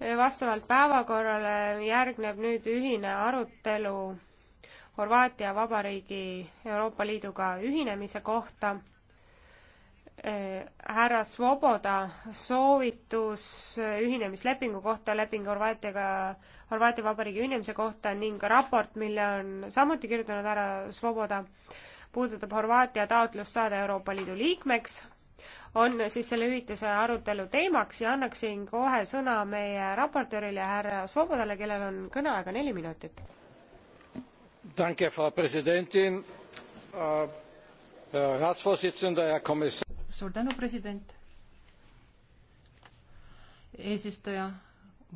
vastavalt päevakorrale järgneb nüüd ühine arutelu Horvaatia Vabariigi Euroopa Liiduga ühinemise kohta. Eh, härra Svoboda soovitus ühinemislepingu kohta, leping Horvaatiaga, Horvaatia Vabariigi ühinemise kohta ning raport, mille on samuti kirjutanud härra Svoboda, puudutab Horvaatia taotlust saada Euroopa Liidu liikmeks on siis selle ürituse arutelu teemaks ja annaksin kohe sõna meie raportöörile härra Svobodale, kellel on kõneaega neli minutit. Äh, äh, suur tänu, president. eesistuja,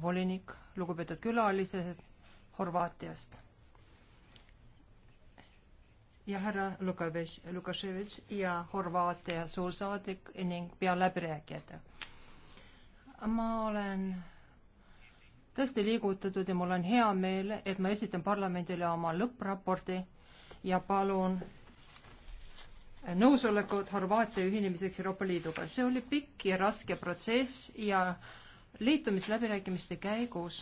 volinik, lugupeetud külalised Horvaatiast ja härra Lukaševitš, Lukaševitš ja Horvaatia suursaadik ning pealäbirääkijad. ma olen tõesti liigutatud ja mul on hea meel, et ma esitan parlamendile oma lõppraporti ja palun nõusolekut Horvaatia ühinemiseks Euroopa Liiduga. see oli pikk ja raske protsess ja liitumisläbirääkimiste käigus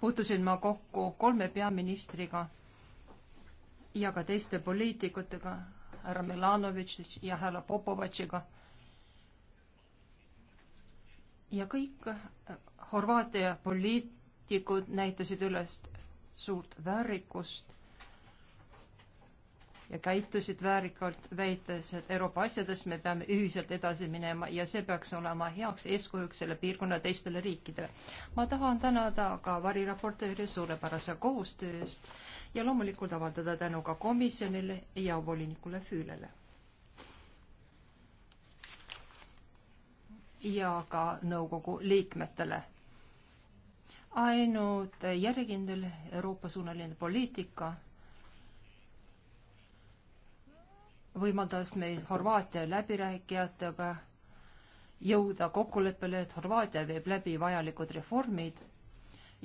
puutusin ma kokku kolme peaministriga ja ka teiste poliitikutega, härra Milanovitš ja härra Popovatšiga. ja kõik äh, Horvaatia poliitikud näitasid üles suurt väärikust ja käitusid väärikalt, väites, et Euroopa asjades me peame ühiselt edasi minema ja see peaks olema heaks eeskujuks selle piirkonna teistele riikidele. ma tahan tänada ka variraportööri suurepärase koostöö eest ja loomulikult avaldada tänu ka komisjonile ja volinikule Füülele. ja ka nõukogu liikmetele ainult järjekindel Euroopa-suunaline poliitika võimaldas meil Horvaatia läbirääkijatega jõuda kokkuleppele, et Horvaatia viib läbi vajalikud reformid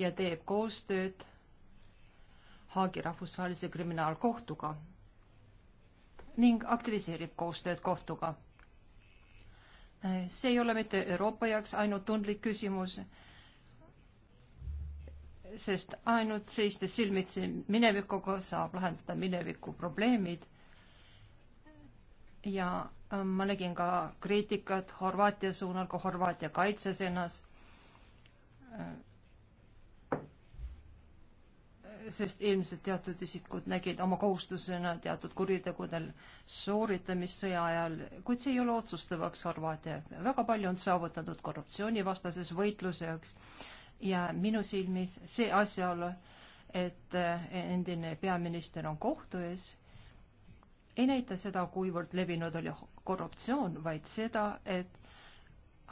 ja teeb koostööd Haagi rahvusvahelise kriminaalkohtuga ning aktiviseerib koostööd kohtuga. see ei ole mitte Euroopa jaoks ainult tundlik küsimus, sest ainult seistes silmitsi minevikuga saab lahendada mineviku probleemid ja ähm, ma nägin ka kriitikat Horvaatia suunal, kui Horvaatia kaitses ennast. Äh, sest ilmselt teatud isikud nägid oma kohustusena teatud kuritegudel sooritamist sõja ajal, kuid see ei ole otsustavaks Horvaatia. väga palju on saavutatud korruptsioonivastases võitluseks ja minu silmis see asjaolu, et äh, endine peaminister on kohtu ees ei näita seda, kuivõrd levinud oli korruptsioon, vaid seda, et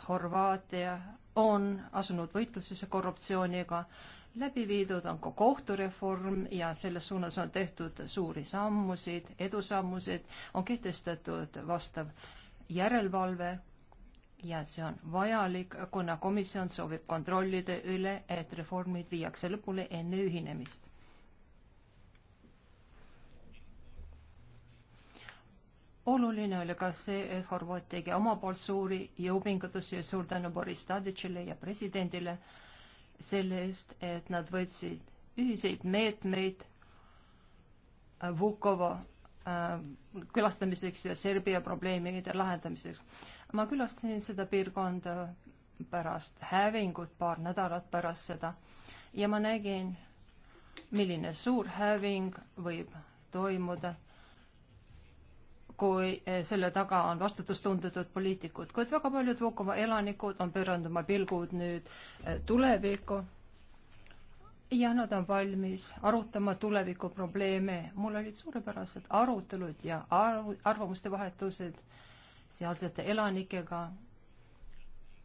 Horvaatia on asunud võitlusesse korruptsiooniga, läbi viidud on ka kohtureform ja selles suunas on tehtud suuri sammusid, edusammusid, on kehtestatud vastav järelevalve ja see on vajalik, kuna komisjon soovib kontrollida üle, et reformid viiakse lõpule enne ühinemist oluline oli ka see, et Horvaat tegi oma poolt suuri jõupingutusi ja suur tänu Boris Tadicile ja presidendile selle eest, et nad võtsid ühiseid meetmeid Vukovo äh, külastamiseks ja Serbia probleemide lahendamiseks. ma külastasin seda piirkonda pärast hävingut, paar nädalat pärast seda ja ma nägin, milline suur häving võib toimuda kui eh, selle taga on vastutustundetud poliitikud, kuid väga paljud Vukomaa elanikud on pööranud oma pilgud nüüd eh, tulevikku ja nad on valmis arutama tuleviku probleeme. mul olid suurepärased arutelud ja arv, arvamuste vahetused sealsete elanikega.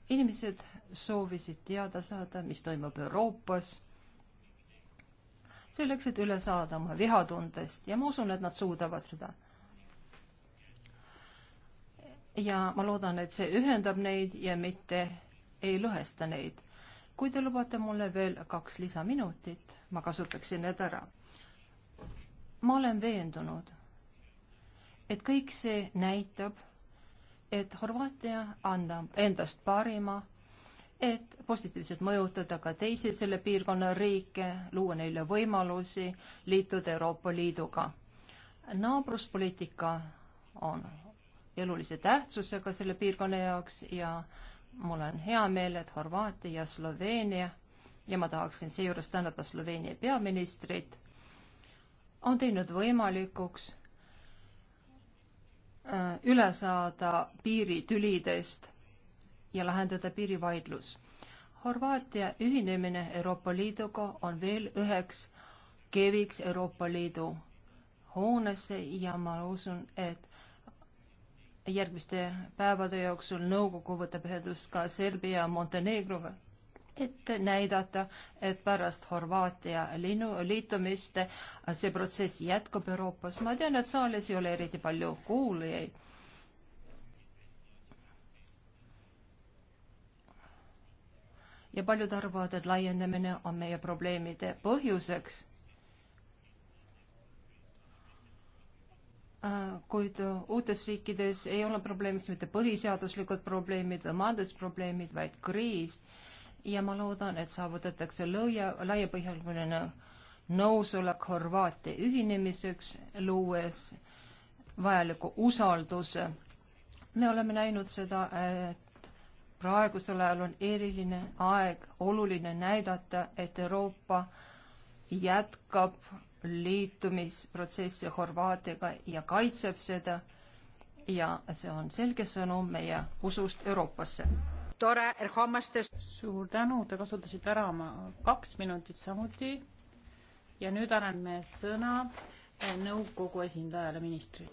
inimesed soovisid teada saada, mis toimub Euroopas, selleks, et üle saada oma vihatundest ja ma usun, et nad suudavad seda ja ma loodan, et see ühendab neid ja mitte ei lõhesta neid. kui te lubate mulle veel kaks lisaminutit, ma kasutaksin need ära. ma olen veendunud, et kõik see näitab, et Horvaatia annab endast parima, et positiivselt mõjutada ka teisi selle piirkonna riike, luua neile võimalusi liituda Euroopa Liiduga. naabruspoliitika on elulise tähtsusega selle piirkonna jaoks ja mul on hea meel, et Horvaatia ja Sloveenia ja ma tahaksin seejuures tänada Sloveenia peaministrit, on teinud võimalikuks äh, üle saada piiritülidest ja lahendada piirivaidlus. Horvaatia ühinemine Euroopa Liiduga on veel üheks keviks Euroopa Liidu hoonesse ja ma usun, et järgmiste päevade jooksul nõukogu võtab ühendust ka Serbia Montenegroga, et näidata, et pärast Horvaatia linnu liitumist see protsess jätkub Euroopas. ma tean, et saalis ei ole eriti palju kuulajaid. ja paljud arvavad, et laienemine on meie probleemide põhjuseks Äh, kuid äh, uutes riikides ei ole probleemiks mitte põhiseaduslikud probleemid või majandusprobleemid, vaid kriis. ja ma loodan, et saavutatakse lõia, laiapõhjaline nõusolek Horvaatia ühinemiseks, luues vajaliku usalduse. me oleme näinud seda, et praegusel ajal on eriline aeg, oluline näidata, et Euroopa jätkab liitumisprotsessi Horvaatiaga ja kaitseb seda ja see on selge sõnum meie usust Euroopasse. suur tänu, te kasutasite ära oma kaks minutit samuti ja nüüd anname sõna eh, nõukogu esindajale, ministrile.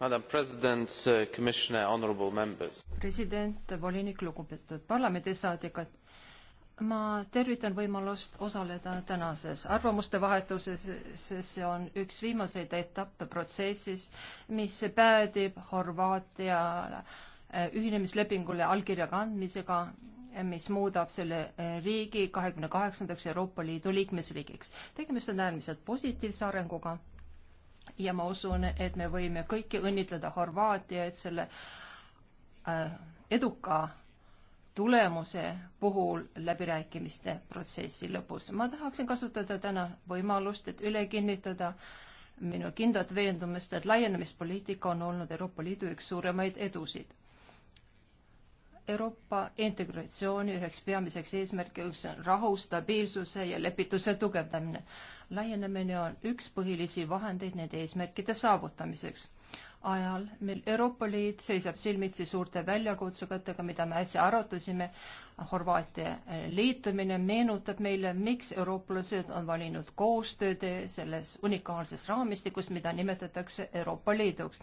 Madam President, Commissioner, Honorable Members. president, volinik, lugupeetud parlamendisaadikud ma tervitan võimalust osaleda tänases arvamuste vahetuses, sest see on üks viimaseid etappe protsessis, mis päädib Horvaatia äh, ühinemislepingule allkirjaga andmisega, äh, mis muudab selle äh, riigi kahekümne kaheksandaks Euroopa Liidu liikmesriigiks. tegemist on äärmiselt positiivse arenguga ja ma usun, et me võime kõiki õnnitleda Horvaatiaid selle eduka tulemuse puhul läbirääkimiste protsessi lõpus. ma tahaksin kasutada täna võimalust, et üle kinnitada minu kindlat veendumust, et laienemispoliitika on olnud Euroopa Liidu üks suuremaid edusid. Euroopa integratsiooni üheks peamiseks eesmärgiks on rahu, stabiilsuse ja lepituse tugevdamine. laienemine on üks põhilisi vahendeid nende eesmärkide saavutamiseks ajal, mil Euroopa Liit seisab silmitsi suurte väljakutsekatega, mida me äsja arutasime, Horvaatia liitumine meenutab meile, miks eurooplased on valinud koostöötee selles unikaalses raamistikus, mida nimetatakse Euroopa Liiduks.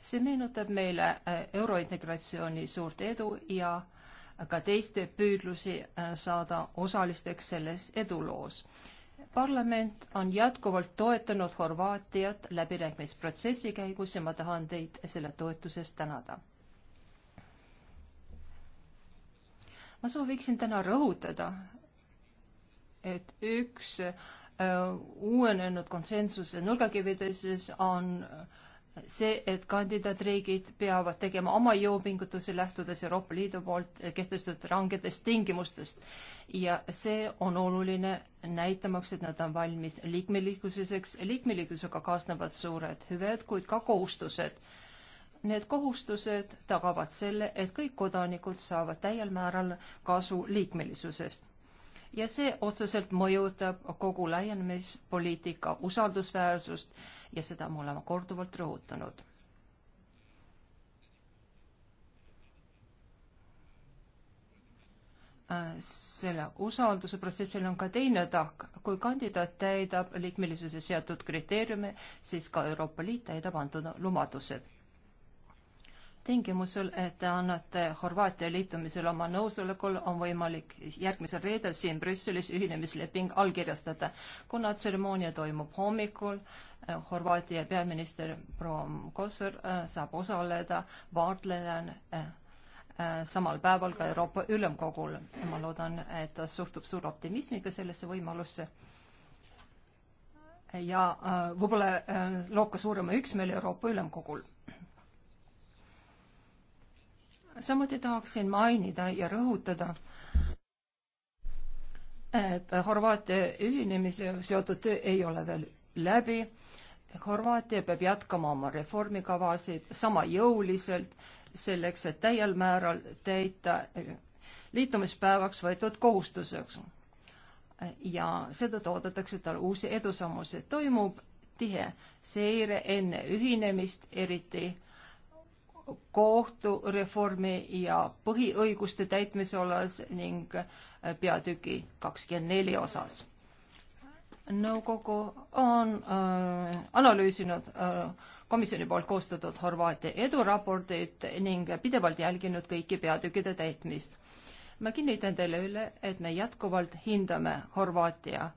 see meenutab meile äh, eurointegratsiooni suurt edu ja ka teiste püüdlusi äh, saada osalisteks selles eduloos parlament on jätkuvalt toetanud Horvaatiat läbirääkimisprotsessi käigus ja ma tahan teid selle toetuse eest tänada. ma sooviksin täna rõhutada, et üks äh, uuenenud konsensuse nurgakivides on äh, see, et kandidaatriigid peavad tegema oma jõupingutusi, lähtudes Euroopa Liidu poolt kehtestatud rangetest tingimustest. ja see on oluline, näitamaks, et nad on valmis liikmelisuseks, liikmelisusega kaasnevad suured hüved, kuid ka kohustused. Need kohustused tagavad selle, et kõik kodanikud saavad täiel määral kasu liikmelisusest ja see otseselt mõjutab kogu laienemispoliitika usaldusväärsust ja seda me oleme korduvalt rõhutanud. selle usalduse protsessil on ka teine tahk, kui kandidaat täidab liikmelisuse seatud kriteeriume, siis ka Euroopa Liit täidab antud lubadused tingimusel, et te annate Horvaatia liitumisel oma nõusolekul, on võimalik järgmisel reedel siin Brüsselis ühinemisleping allkirjastada. kuna tseremoonia toimub hommikul, eh, Horvaatia peaminister proua Kossar eh, saab osaleda vaatlejana eh, samal päeval ka Euroopa Ülemkogul. ma loodan, et ta suhtub suure optimismiga sellesse võimalusse ja võib-olla loob ka suurema üksmeele Euroopa Ülemkogul samuti tahaksin mainida ja rõhutada, et Horvaatia ühinemise seotud töö ei ole veel läbi. Horvaatia peab jätkama oma reformikavasid sama jõuliselt, selleks et täiel määral täita liitumispäevaks võetud kohustuseks. ja seetõttu oodatakse tal uusi edusammusi. toimub tihe seire enne ühinemist, eriti kohtureformi ja põhiõiguste täitmise osas ning äh, peatüki kakskümmend neli osas. nõukogu on äh, analüüsinud äh, komisjoni poolt koostatud Horvaatia eduraporteid ning pidevalt jälginud kõiki peatükkide täitmist. ma kinnitan teile üle, et me jätkuvalt hindame Horvaatia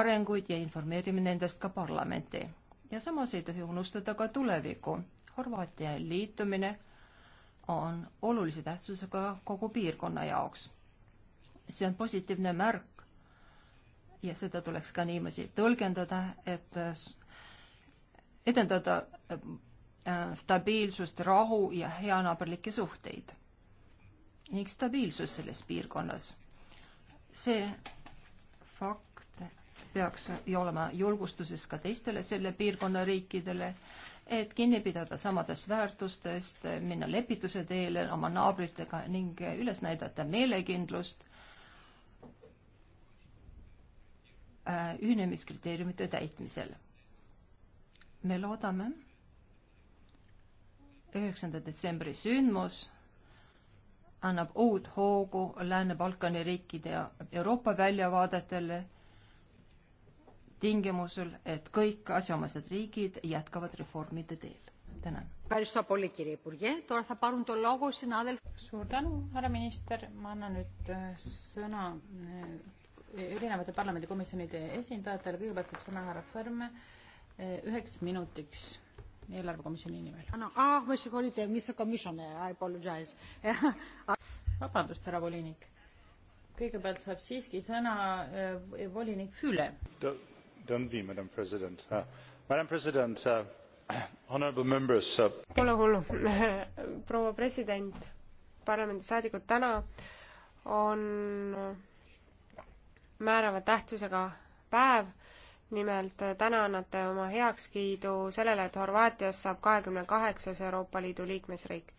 arenguid ja informeerime nendest ka parlamenti. ja samas ei tohi unustada ka tulevikku Horvaatia liitumine on olulise tähtsusega kogu piirkonna jaoks. see on positiivne märk ja seda tuleks ka niimoodi tõlgendada, et edendada äh, stabiilsust, rahu ja heanaaberlikke suhteid ning stabiilsus selles piirkonnas. see fakt peaks ju olema julgustuses ka teistele selle piirkonna riikidele et kinni pidada samadest väärtustest, minna lepituse teele oma naabritega ning üles näidata meelekindlust äh, ühinemiskriteeriumite täitmisel. me loodame üheksanda detsembri sündmus annab uut hoogu Lääne-Balkani riikide ja Euroopa väljavaadetele tingimusel, et kõik asjaomased riigid jätkavad reformide teel. tänan. suur tänu, härra minister, ma annan nüüd äh, sõna äh, erinevate parlamendikomisjonide esindajatele, kõigepealt saab sõna härra Ferm äh, üheks minutiks eelarvekomisjoni nimel. Ah, ah, vabandust, härra volinik. kõigepealt saab siiski sõna volinik Füle madam president, uh, madam president uh, honourable members uh... pole hullu proua president parlamendisaadikud täna on määrava tähtsusega päev nimelt täna annate oma heakskiidu sellele et horvaatiast saab kahekümne kaheksas euroopa liidu liikmesriik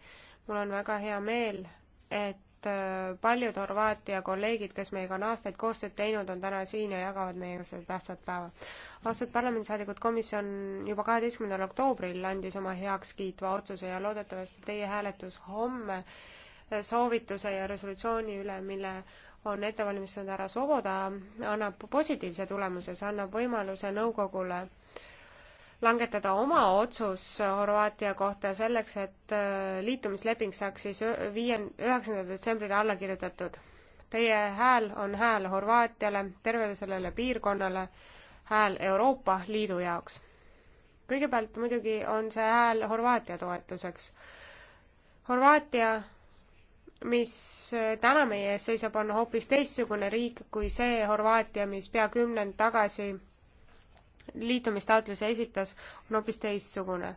mul on väga hea meel et et äh, paljud Horvaatia kolleegid, kes meiega on aastaid koostööd teinud, on täna siin ja jagavad meiega seda tähtsat päeva. austatud parlamendisaadikud, komisjon juba kaheteistkümnendal oktoobril andis oma heakskiitva otsuse ja loodetavasti teie hääletus homme äh, soovituse ja resolutsiooni üle, mille on ette valmistanud härra Soboda, annab positiivse tulemuse, see annab võimaluse nõukogule langetada oma otsus Horvaatia kohta selleks, et äh, liitumisleping saaks siis viien-, üheksandal detsembril alla kirjutatud. Teie hääl on hääl Horvaatiale, tervele sellele piirkonnale, hääl Euroopa Liidu jaoks. kõigepealt muidugi on see hääl Horvaatia toetuseks. Horvaatia mis äh, täna meie ees seisab, on hoopis teistsugune riik kui see Horvaatia, mis pea kümnend tagasi liitumistaotluse esitas, on hoopis teistsugune.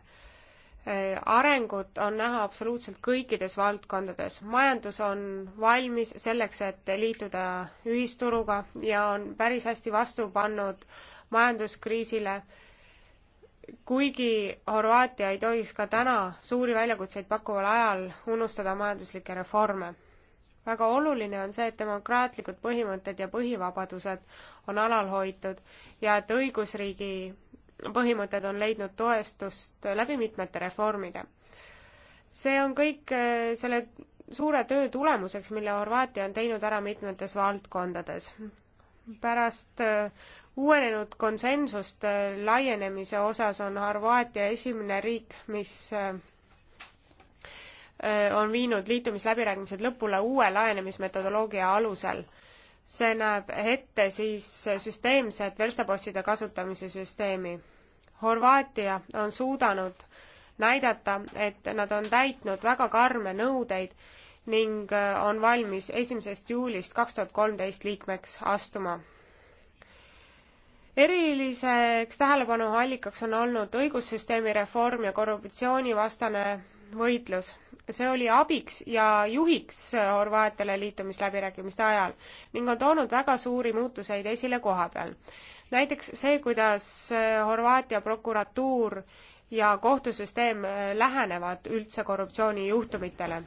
arengut on näha absoluutselt kõikides valdkondades. majandus on valmis selleks, et liituda ühisturuga ja on päris hästi vastu pannud majanduskriisile, kuigi Horvaatia ei tohiks ka täna suuri väljakutseid pakkuval ajal unustada majanduslikke reforme väga oluline on see, et demokraatlikud põhimõtted ja põhivabadused on alal hoitud ja et õigusriigi põhimõtted on leidnud toestust läbi mitmete reformide. see on kõik eh, selle suure töö tulemuseks, mille Horvaatia on teinud ära mitmetes valdkondades. pärast eh, uuenenud konsensust eh, laienemise osas on Horvaatia esimene riik, mis Äh, on viinud liitumisläbirääkimised lõpule uue laenemismetodoloogia alusel. see näeb ette siis süsteemset verstapostide kasutamise süsteemi. Horvaatia on suudanud näidata, et nad on täitnud väga karme nõudeid ning äh, on valmis esimesest juulist kaks tuhat kolmteist liikmeks astuma. eriliseks tähelepanu allikaks on olnud õigussüsteemi reform ja korruptsioonivastane võitlus see oli abiks ja juhiks Horvaatiale liitumisläbirääkimiste ajal ning on toonud väga suuri muutuseid esile koha peal. näiteks see, kuidas äh, Horvaatia prokuratuur ja kohtusüsteem äh, lähenevad üldse korruptsioonijuhtumitele.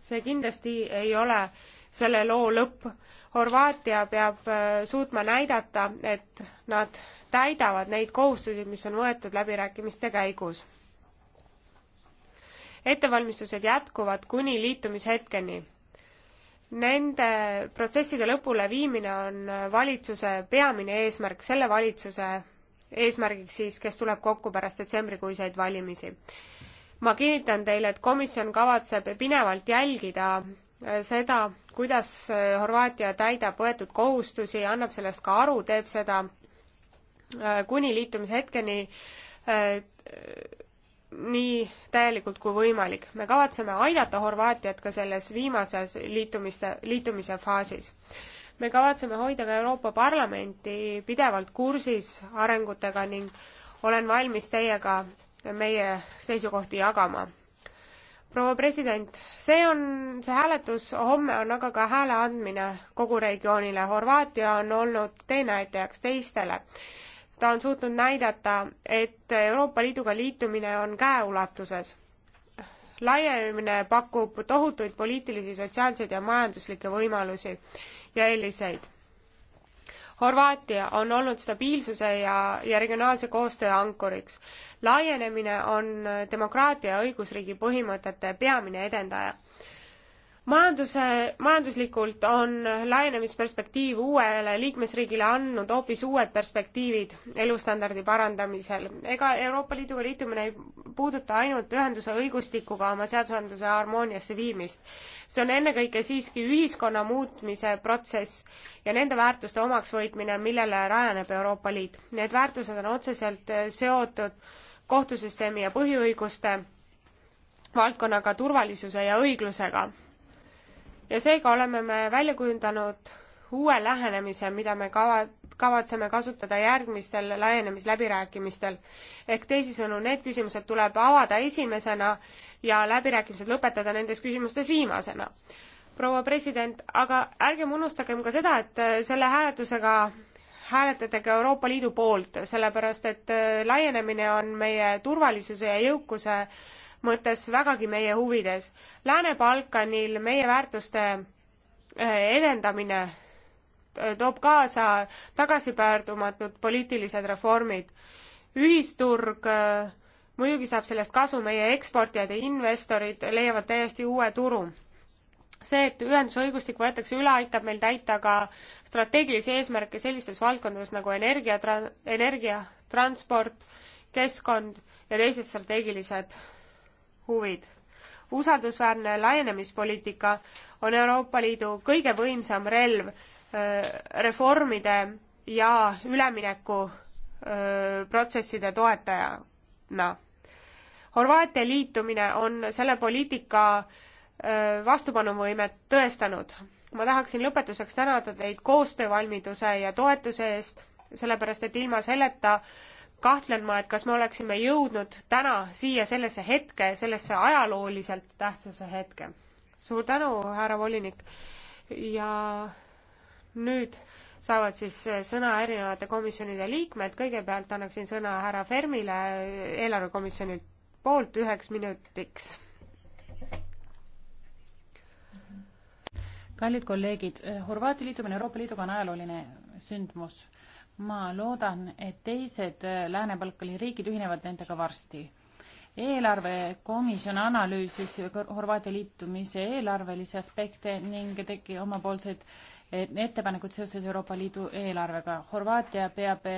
see kindlasti ei ole selle loo lõpp. Horvaatia peab äh, suutma näidata, et nad täidavad neid kohustusi, mis on võetud läbirääkimiste käigus ettevalmistused jätkuvad kuni liitumishetkeni. Nende protsesside lõpule viimine on valitsuse peamine eesmärk, selle valitsuse eesmärgiks siis, kes tuleb kokku pärast detsembrikuiseid valimisi. ma kinnitan teile, et komisjon kavatseb pinevalt jälgida äh, seda, kuidas äh, Horvaatia täidab võetud kohustusi, annab sellest ka aru, teeb seda äh, kuni liitumishetkeni nii täielikult kui võimalik. me kavatseme aidata Horvaatiat ka selles viimases liitumiste, liitumise faasis. me kavatseme hoida ka Euroopa Parlamenti pidevalt kursis arengutega ning olen valmis teiega meie seisukohti jagama. proua president, see on, see hääletus homme on aga ka hääle andmine kogu regioonile. Horvaatia on olnud teenäitajaks teistele ta on suutnud näidata, et Euroopa Liiduga liitumine on käeulatuses. laienemine pakub tohutuid poliitilisi, sotsiaalseid ja majanduslikke võimalusi ja eeliseid. Horvaatia on olnud stabiilsuse ja, ja regionaalse koostöö ankuriks. laienemine on demokraatia ja õigusriigi põhimõtete peamine edendaja majanduse, majanduslikult on laienemisperspektiiv uuele liikmesriigile andnud hoopis uued perspektiivid elustandardi parandamisel. ega Euroopa Liiduga liitumine ei puuduta ainult ühenduse õigustikuga oma seadusandluse harmooniasse viimist. see on ennekõike siiski ühiskonna muutmise protsess ja nende väärtuste omaksvõitmine, millele rajaneb Euroopa Liit. Need väärtused on otseselt seotud kohtusüsteemi ja põhiõiguste valdkonnaga turvalisuse ja õiglusega ja seega oleme me välja kujundanud uue lähenemise, mida me kava, kavatseme kasutada järgmistel laienemisläbirääkimistel. ehk teisisõnu, need küsimused tuleb avada esimesena ja läbirääkimised lõpetada nendes küsimustes viimasena. proua president, aga ärgem unustagem ka seda, et äh, selle hääletusega hääletate ka Euroopa Liidu poolt, sellepärast et äh, laienemine on meie turvalisuse ja jõukuse mõttes vägagi meie huvides. Lääne-Balkanil meie väärtuste eh, edendamine eh, toob kaasa tagasipöördumatud poliitilised reformid. ühisturg eh, muidugi saab sellest kasu, meie eksportijad ja investorid leiavad täiesti uue turu. see, et ühendusõigustik võetakse üle, aitab meil täita ka strateegilisi eesmärke sellistes valdkondades nagu energia, energia, transport, keskkond ja teised strateegilised huvid. usaldusväärne laienemispoliitika on Euroopa Liidu kõige võimsam relv reformide ja ülemineku protsesside toetajana. Horvaatia liitumine on selle poliitika vastupanuvõimet tõestanud. ma tahaksin lõpetuseks tänada teid koostöövalmiduse ja toetuse eest, sellepärast et ilma selleta äh, kahtlen ma, et kas me oleksime jõudnud täna siia sellesse hetke, sellesse ajalooliselt tähtsasse hetke. suur tänu, härra volinik. ja nüüd saavad siis sõna erinevate komisjonide liikmed, kõigepealt annaksin sõna härra Fermile eelarvekomisjoni poolt üheks minutiks. kallid kolleegid, Horvaatia liitumine Euroopa Liiduga on ajalooline sündmus ma loodan, et teised Lääne-Balkani riigid ühinevad nendega varsti. eelarvekomisjon analüüsis Horvaatia liitumise eelarvelisi aspekte ning tegi omapoolsed e, ettepanekud seoses Euroopa Liidu eelarvega. Horvaatia peab e,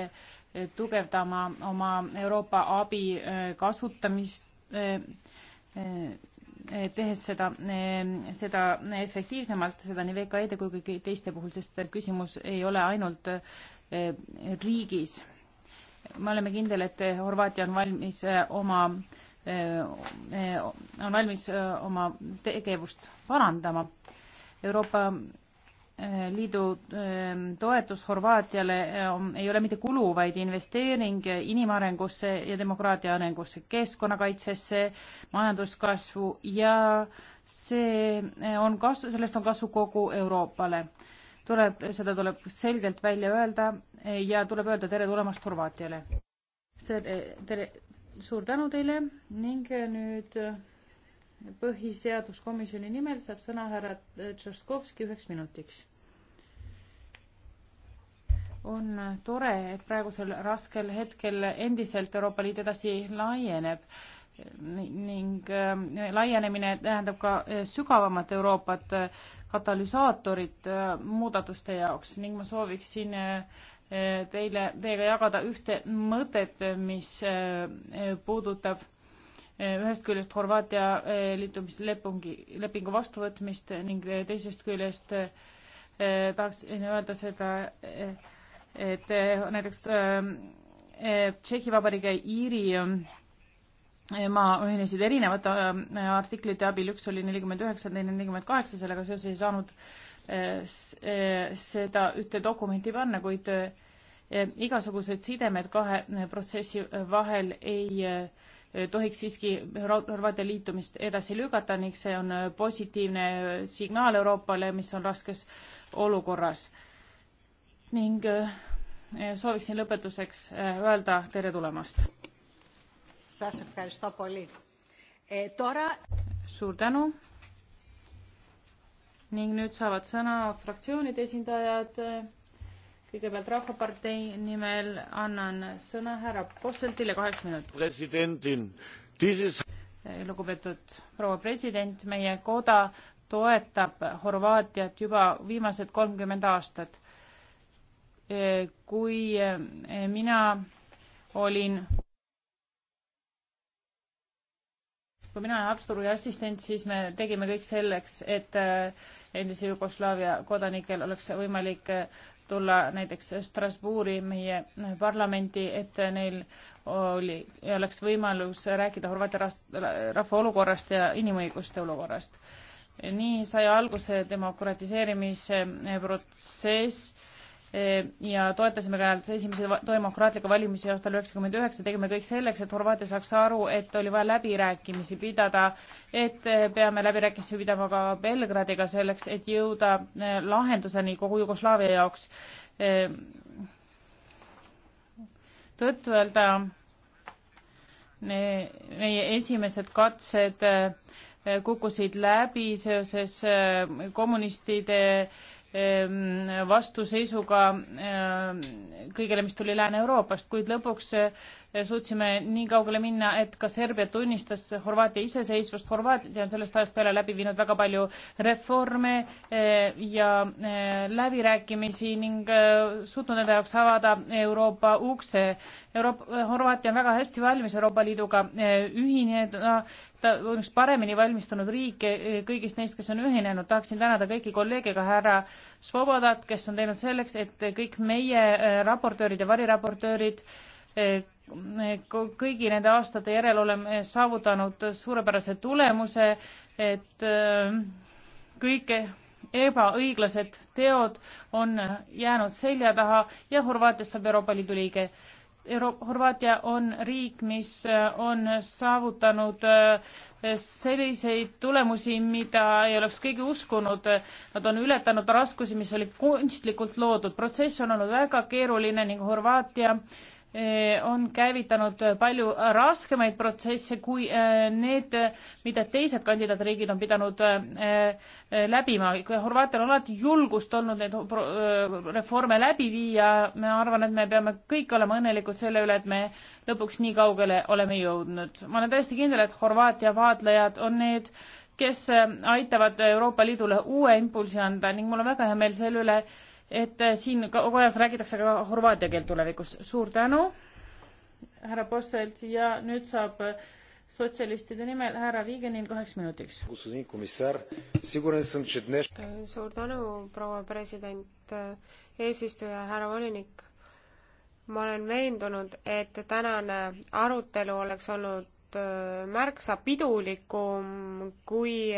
tugevdama oma Euroopa abi e, kasutamist, tehes seda, seda efektiivsemalt, seda nii VKE-de kui ka teiste puhul, sest küsimus ei ole ainult Äh, riigis. me oleme kindel, et Horvaatia on valmis äh, oma, äh, on valmis oma tegevust parandama. Euroopa Liidu toetus Horvaatiale ei ole mitte kulu, vaid investeering inimarengusse ja demokraatia arengusse, keskkonnakaitsesse, majanduskasvu ja see on kasu, sellest on kasu kogu Euroopale tuleb, seda tuleb selgelt välja öelda ja tuleb öelda tere tulemast Horvaatiale. see, eh, tere, suur tänu teile ning eh, nüüd põhiseaduskomisjoni nimel saab sõna härra Tšaskovski üheks minutiks. on tore, et praegusel raskel hetkel endiselt Euroopa Liit edasi laieneb ning eh, laienemine tähendab ka sügavamat Euroopat, katalüsaatorid äh, muudatuste jaoks ning ma sooviksin äh, äh, teile, teiega jagada ühte mõtet, mis puudutab ühest küljest Horvaatia liitumislepungi, lepingu vastuvõtmist ning teisest küljest eh, tahaksin öelda seda, et näiteks eh, Tšehhi Vabariigi ja Iiri ma ühinesin erinevate äh, artiklite abil, üks oli nelikümmend üheksa, teine nelikümmend kaheksa, sellega seoses ei saanud äh, äh, seda ühte dokumenti panna, kuid igasugused sidemed kahe protsessi vahel ei tohiks siiski Horvaatia liitumist edasi lükata ning see on positiivne signaal Euroopale, mis on raskes olukorras. ning sooviksin lõpetuseks öelda tere tulemast! Σας ευχαριστώ πολύ. Ε, τώρα... Suur tänu. ning nüüd saavad sõna fraktsioonide esindajad. kõigepealt Rahvapartei nimel annan sõna härra Posseltile kaheks minutiks. Eh, lugupeetud proua president, meie koda toetab Horvaatiat juba viimased kolmkümmend aastat. Eh, kui eh, mina olin kui mina olen apsturi assistent, siis me tegime kõik selleks, et äh, endise Jugoslaavia kodanikel oleks võimalik äh, tulla näiteks Strasbourgi meie äh, parlamenti, et neil oli, oleks võimalus rääkida Horvaatia rahva olukorrast ja inimõiguste olukorrast. nii sai alguse demokratiseerimise protsess ja toetasime ka esimese demokraatliku valimise aastal üheksakümmend üheksa, tegime kõik selleks, et Horvaatia saaks aru, et oli vaja läbirääkimisi pidada, et e, peame läbirääkimisi pidama ka Belgradiga selleks, et jõuda e, lahenduseni kogu Jugoslaavia jaoks. E, tõtt-öelda meie esimesed katsed kukkusid läbi seoses kommunistide äh, Ehm, vastuseisuga ehm, kõigele, mis tuli Lääne-Euroopast, kuid lõpuks eh, suutsime nii kaugele minna, et ka Serbia tunnistas Horvaatia iseseisvust. Horvaatia on sellest ajast peale läbi viinud väga palju reforme eh, ja eh, läbirääkimisi ning eh, suutnud enda jaoks avada Euroopa ukse. Euroopa, Horvaatia on väga hästi valmis Euroopa Liiduga ühineda, ta on üks paremini valmistunud riike kõigist neist, kes on ühinenud. tahaksin tänada kõiki kolleege, ka härra Svobodat, kes on teinud selleks, et kõik meie raportöörid ja variraportöörid kõigi nende aastate järel oleme saavutanud suurepärase tulemuse, et äh, kõik ebaõiglased teod on jäänud selja taha ja Horvaatiast saab Euroopa Liidu liige. Euro-, Horvaatia on riik, mis äh, on saavutanud äh, selliseid tulemusi, mida ei oleks keegi uskunud. Nad on ületanud raskusi, mis olid kunstlikult loodud. protsess on olnud väga keeruline ning Horvaatia äh, Eh, on käivitanud palju raskemaid protsesse kui eh, need, mida teised kandidaatriigid on pidanud eh, läbima. Horvaatial on alati julgust olnud neid reforme läbi viia. ma arvan, et me peame kõik olema õnnelikud selle üle, et me lõpuks nii kaugele oleme jõudnud. ma olen täiesti kindel, et Horvaatia vaatlejad on need, kes aitavad Euroopa Liidule uue impulsi anda ning mul on väga hea meel selle üle, et äh, siin kojas räägitakse ka horvaatia keelt tulevikus. suur tänu, härra Posselt ja nüüd saab äh, sotsialistide nimel härra Viigenil kaheks minutiks. Äh, suur tänu, proua president, eesistuja, härra volinik. ma olen veendunud, et tänane arutelu oleks olnud märksa pidulikum, kui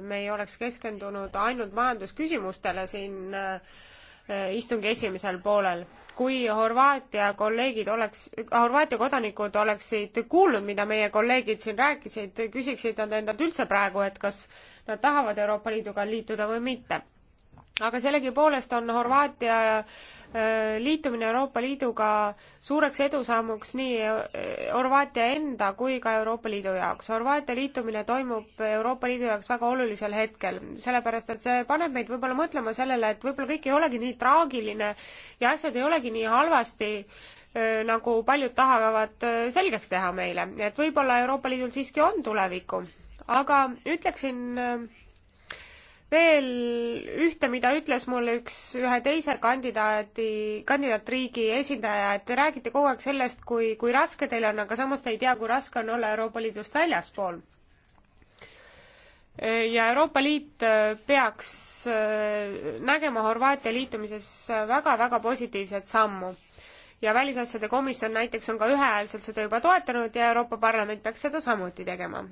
me ei oleks keskendunud ainult majandusküsimustele siin äh, Äh, istungi esimesel poolel. kui Horvaatia kolleegid oleks, Horvaatia kodanikud oleksid kuulnud, mida meie kolleegid siin rääkisid, küsiksid nad endalt üldse praegu, et kas nad tahavad Euroopa Liiduga liituda või mitte. aga sellegipoolest on Horvaatia Äh, liitumine Euroopa Liiduga suureks edusammuks nii äh, Horvaatia enda kui ka Euroopa Liidu jaoks. Horvaatia liitumine toimub Euroopa Liidu jaoks väga olulisel hetkel, sellepärast et see paneb meid võib-olla mõtlema sellele, et võib-olla kõik ei olegi nii traagiline ja asjad ei olegi nii halvasti, äh, nagu paljud tahavad selgeks teha meile, et võib-olla Euroopa Liidul siiski on tulevikku. aga ütleksin veel ühte, mida ütles mulle üks, ühe teise kandidaadi, kandidaatriigi esindaja, et te räägite kogu aeg sellest, kui, kui raske teil on, aga samas te ei tea, kui raske on olla Euroopa Liidust väljaspool. ja Euroopa Liit äh, peaks äh, nägema Horvaatia liitumises väga-väga positiivset sammu ja Välisasjade Komisjon näiteks on ka ühehäälselt seda juba toetanud ja Euroopa Parlament peaks seda samuti tegema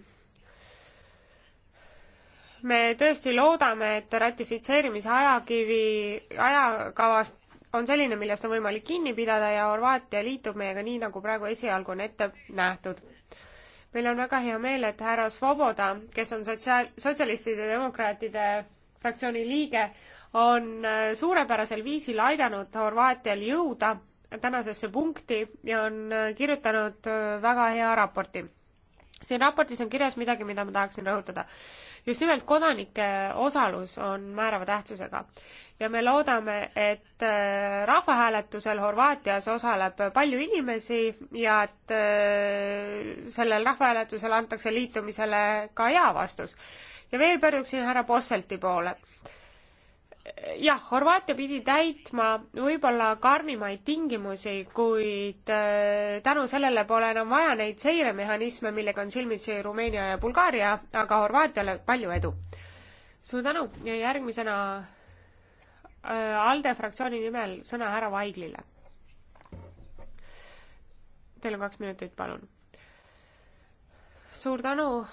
me tõesti loodame, et ratifitseerimise ajakivi, ajakavast on selline, millest on võimalik kinni pidada ja Horvaatia liitub meiega nii, nagu praegu esialgu on ette nähtud. meil on väga hea meel, et härra Svoboda, kes on sotsiaal, sotsialistide ja demokraatide fraktsiooni liige, on äh, suurepärasel viisil aidanud Horvaatial jõuda tänasesse punkti ja on äh, kirjutanud äh, väga hea raporti. siin raportis on kirjas midagi, mida ma tahaksin rõhutada just nimelt kodanike osalus on määrava tähtsusega. ja me loodame, et äh, rahvahääletusel Horvaatias osaleb palju inimesi ja et äh, sellel rahvahääletusel antakse liitumisele ka hea vastus. ja veel pöörduksin härra Posselti poole jah, Horvaatia pidi täitma võib-olla karmimaid tingimusi, kuid äh, tänu sellele pole enam vaja neid seiremehhanisme, millega on silmitsi Rumeenia ja Bulgaaria, aga Horvaatiale palju edu. suur tänu ja järgmisena äh, ALDE fraktsiooni nimel sõna härra Vaiglile. Teil on kaks minutit, palun. suur tänu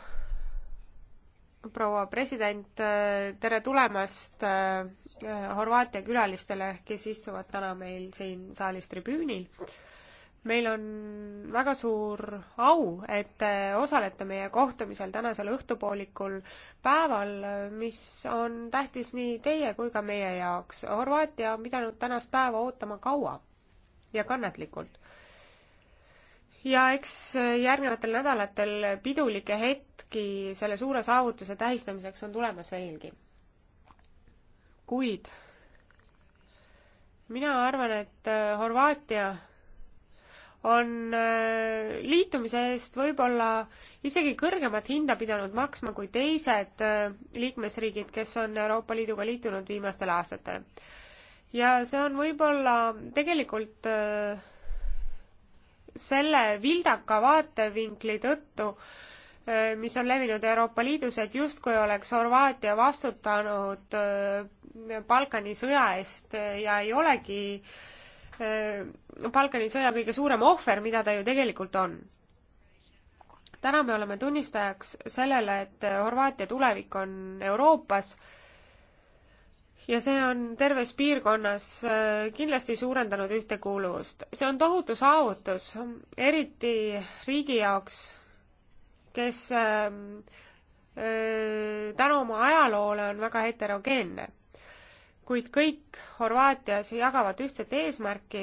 proua president, äh, tere tulemast Äh, Horvaatia külalistele, kes istuvad täna meil siin saalis tribüünil. meil on väga suur au, et te osalete meie kohtumisel tänasel õhtupoolikul päeval, mis on tähtis nii teie kui ka meie jaoks. Horvaatia on pidanud tänast päeva ootama kaua ja kannatlikult ja eks järgnevatel nädalatel pidulikke hetki selle suure saavutuse tähistamiseks on tulemas veelgi kuid mina arvan, et äh, Horvaatia on äh, liitumise eest võib-olla isegi kõrgemat hinda pidanud maksma kui teised äh, liikmesriigid, kes on Euroopa Liiduga liitunud viimastel aastatel. ja see on võib-olla tegelikult selle vildaka vaatevinkli tõttu, Äh, mis on levinud Euroopa Liidus, et justkui oleks Horvaatia vastutanud äh, Balkani sõja eest äh, ja ei olegi Balkani sõja kõige suurem ohver, mida ta ju tegelikult on. täna me oleme tunnistajaks sellele, et Horvaatia tulevik on Euroopas ja see on terves piirkonnas kindlasti suurendanud ühtekuuluvust. see on tohutu saavutus, eriti riigi jaoks, kes ähm, äh, tänu oma ajaloole on väga heterogeenne. kuid kõik Horvaatias jagavad ühtset eesmärki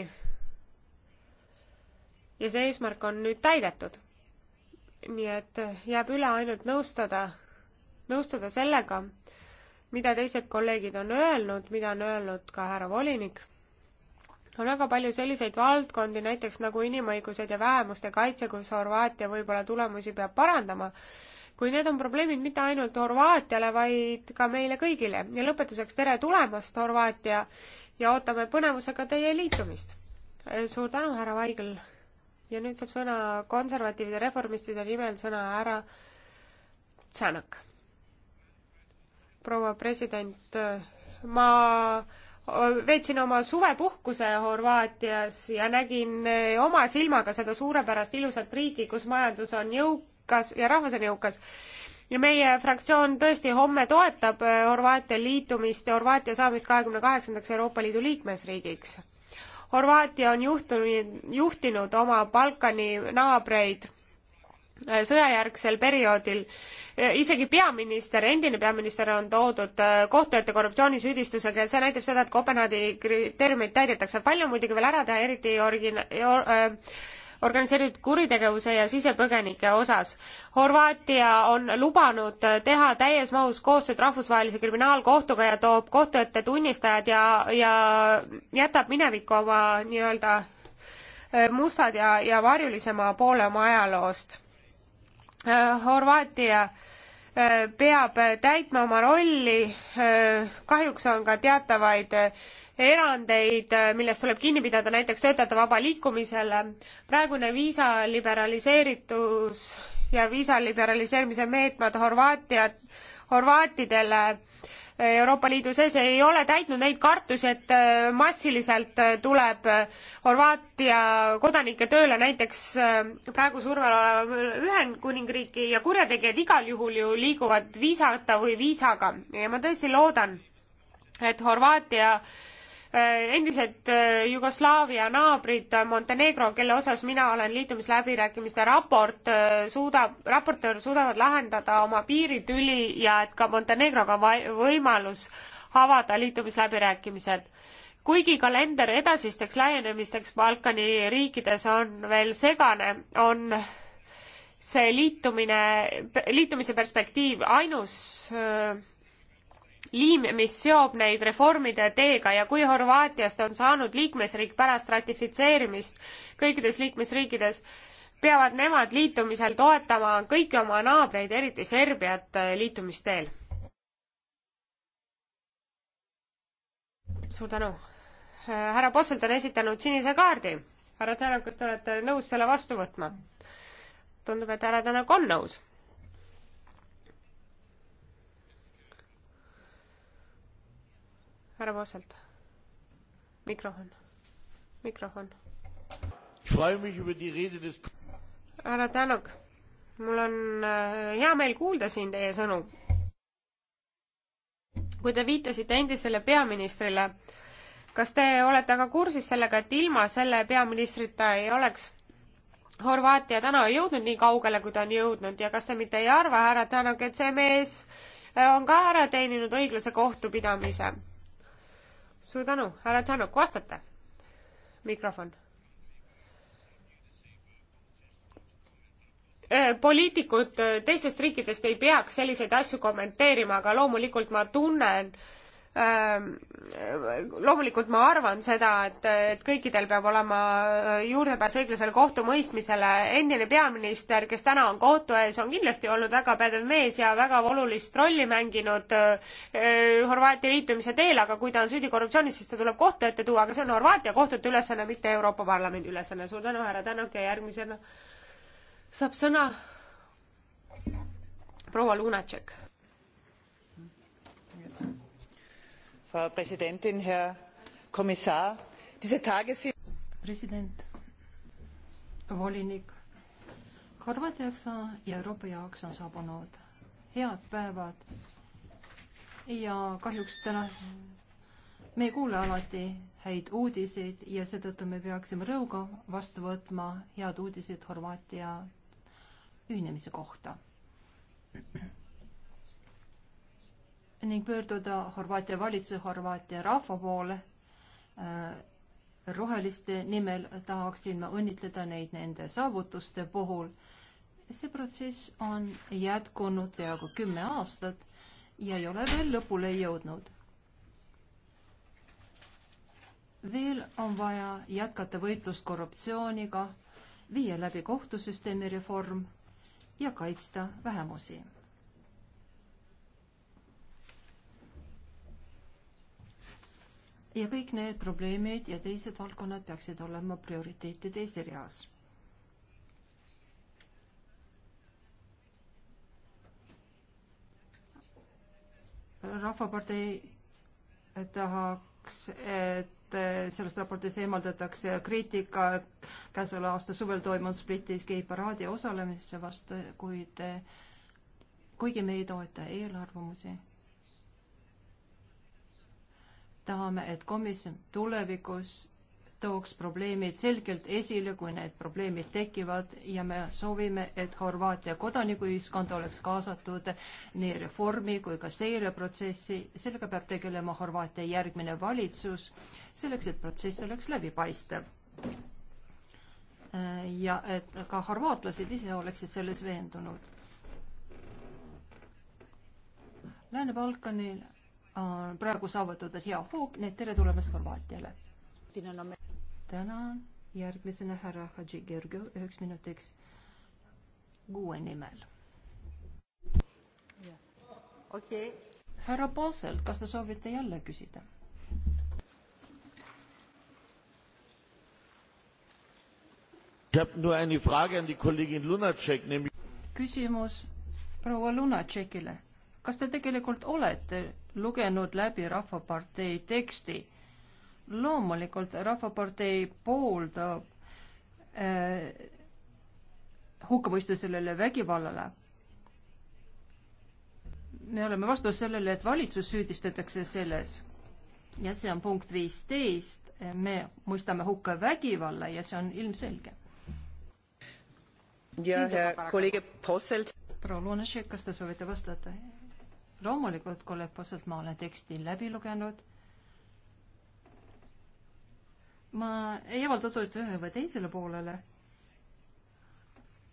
ja see eesmärk on nüüd täidetud. nii et jääb üle ainult nõustada, nõustuda sellega, mida teised kolleegid on öelnud, mida on öelnud ka härra volinik on väga palju selliseid valdkondi, näiteks nagu inimõigused ja vähemuste kaitse, kus Horvaatia võib-olla tulemusi peab parandama, kui need on probleemid mitte ainult Horvaatiale, vaid ka meile kõigile. ja lõpetuseks tere tulemast, Horvaatia, ja ootame põnevusega teie liitumist. suur tänu, härra Vaigel. ja nüüd saab sõna konservatiivide reformistide nimel sõna härra Tsanak. proua president, ma veetsin oma suvepuhkuse Horvaatias ja nägin oma silmaga seda suurepärast ilusat riiki, kus majandus on jõukas ja rahvas on jõukas ja meie fraktsioon tõesti homme toetab äh, Horvaatia liitumist ja Horvaatia saamist kahekümne kaheksandaks Euroopa Liidu liikmesriigiks. Horvaatia on juhtunud, juhtinud oma Balkani naabreid Äh, sõjajärgsel perioodil äh, isegi peaminister, endine peaminister on toodud äh, kohtu ette korruptsioonisüüdistusega ja see näitab seda, et Kopenhaagi kriteeriumeid täidetakse. palju on muidugi veel ära teha, eriti origina- or,, organiseeritud kuritegevuse ja sisepõgenike osas. Horvaatia on lubanud teha täies mahus koostööd Rahvusvahelise Kriminaalkohtuga ja toob kohtu ette tunnistajad ja, ja jätab minevikku oma nii-öelda mustad ja, ja varjulisema poole oma ajaloost Äh, Horvaatia äh, peab täitma oma rolli, äh, kahjuks on ka teatavaid erandeid, millest tuleb kinni pidada, näiteks töötajate vaba liikumisele. praegune viisa liberaliseeritus ja viisa liberaliseerimise meetmed Horvaatia, horvaatidele äh, Euroopa Liidu sees ei ole täitnud neid kartusi, et äh, massiliselt äh, tuleb äh, Horvaatia kodanikke tööle näiteks praegu survel oleva Ühendkuningriiki ja kurjategijad igal juhul ju liiguvad viisata või viisaga ja ma tõesti loodan, et Horvaatia äh, Äh, endised äh, Jugoslaavia naabrid äh, Montenegro, kelle osas mina olen liitumisläbirääkimiste raport, suudab, raportöör suudavad lahendada oma piiritüli ja et ka Montenegroga võimalus avada liitumisläbirääkimised. kuigi kalender edasisteks laienemisteks Balkani riikides on veel segane, on see liitumine, liitumise perspektiiv ainus öö, liim, mis seob neid reformide teega ja kui Horvaatiast on saanud liikmesriik pärast ratifitseerimist kõikides liikmesriikides, peavad nemad liitumisel toetama kõiki oma naabreid, eriti Serbiat, äh, liitumisteel. suur tänu. Äh, härra Posselt on esitanud sinise kaardi. härra Tänak, kas te olete nõus selle vastu võtma? tundub, et härra Tänak on nõus härra Vooselt. mikrofon, mikrofon. härra Tänuk, mul on äh, hea meel kuulda siin teie sõnu. kui te viitasite endisele peaministrile, kas te olete aga kursis sellega, et ilma selle peaministrita ei oleks Horvaatia täna jõudnud nii kaugele, kui ta on jõudnud ja kas te mitte ei arva, härra Tänak, et see mees äh, on ka ära teeninud õiglase kohtupidamise? suur tänu, härra Tšanuk, vastate. mikrofon. Äh, poliitikud äh, teistest riikidest ei peaks selliseid asju kommenteerima, aga loomulikult ma tunnen äh, Ehm, loomulikult ma arvan seda, et, et kõikidel peab olema äh, juurdepääs õiglasele kohtumõistmisele. endine peaminister, kes täna on kohtu ees, on kindlasti olnud väga pädev mees ja väga olulist rolli mänginud äh, Horvaatia liitumise teel, aga kui ta on süüdi korruptsioonis, siis ta tuleb kohtu ette tuua, aga see on Horvaatia kohtute ülesanne, mitte Euroopa Parlamendi ülesanne. suur tänu, härra Tänak ja järgmisena saab sõna proua Lunatšek frau präsidentin herr kommissar! diese tage sind volinik horvaatia jaoks ja euroopa jaoks on saabunud head päevad ja kahjuks täna me ei kuule alati häid uudiseid ja seetõttu me peaksime rõõmuga vastu võtma head uudised horvaatia ühinemise kohta ning pöörduda Horvaatia valitsuse, Horvaatia rahva poole. Äh, roheliste nimel tahaksin ma õnnitleda neid nende saavutuste puhul. see protsess on jätkunud peaaegu kümme aastat ja ei ole veel lõpule jõudnud. veel on vaja jätkata võitlust korruptsiooniga, viia läbi kohtusüsteemi reform ja kaitsta vähemusi ja kõik need probleemid ja teised valdkonnad peaksid olema prioriteetide esireas. rahvapartei tahaks, et sellest raportis eemaldatakse kriitika käesoleva aasta suvel toimunud Splitis geiparaadi osalemise vastu, kuid kuigi me ei toeta eelarvamusi tahame, et komisjon tulevikus tooks probleemid selgelt esile, kui need probleemid tekivad ja me soovime, et Horvaatia kodanikuühiskond oleks kaasatud nii reformi kui ka seireprotsessi. sellega peab tegelema Horvaatia järgmine valitsus, selleks et protsess oleks läbipaistev. ja et ka horvaatlased ise oleksid selles veendunud Lääne-Balkanil on praegu saavutatud hea hoog, nii et tere tulemast Horvaatiale. tänan, järgmisena härra Hadži Georgiev üheks minutiks kuue nimel. okei okay.. härra Posselt, kas te soovite jälle küsida? küsimus proua Lunatšekile kas te tegelikult olete lugenud läbi Rahvapartei teksti? loomulikult Rahvapartei pooldab äh, hukkamõistu sellele vägivallale. me oleme vastu sellele, et valitsus süüdistatakse selles ja see on punkt viisteist, me mõistame hukka vägivalla ja see on ilmselge. ja kolleeg Posselt. proua Lunašek, kas te soovite vastata? loomulikult kolleeg Posselt ma olen teksti läbi lugenud. ma ei avalda toetust ühe või teisele poolele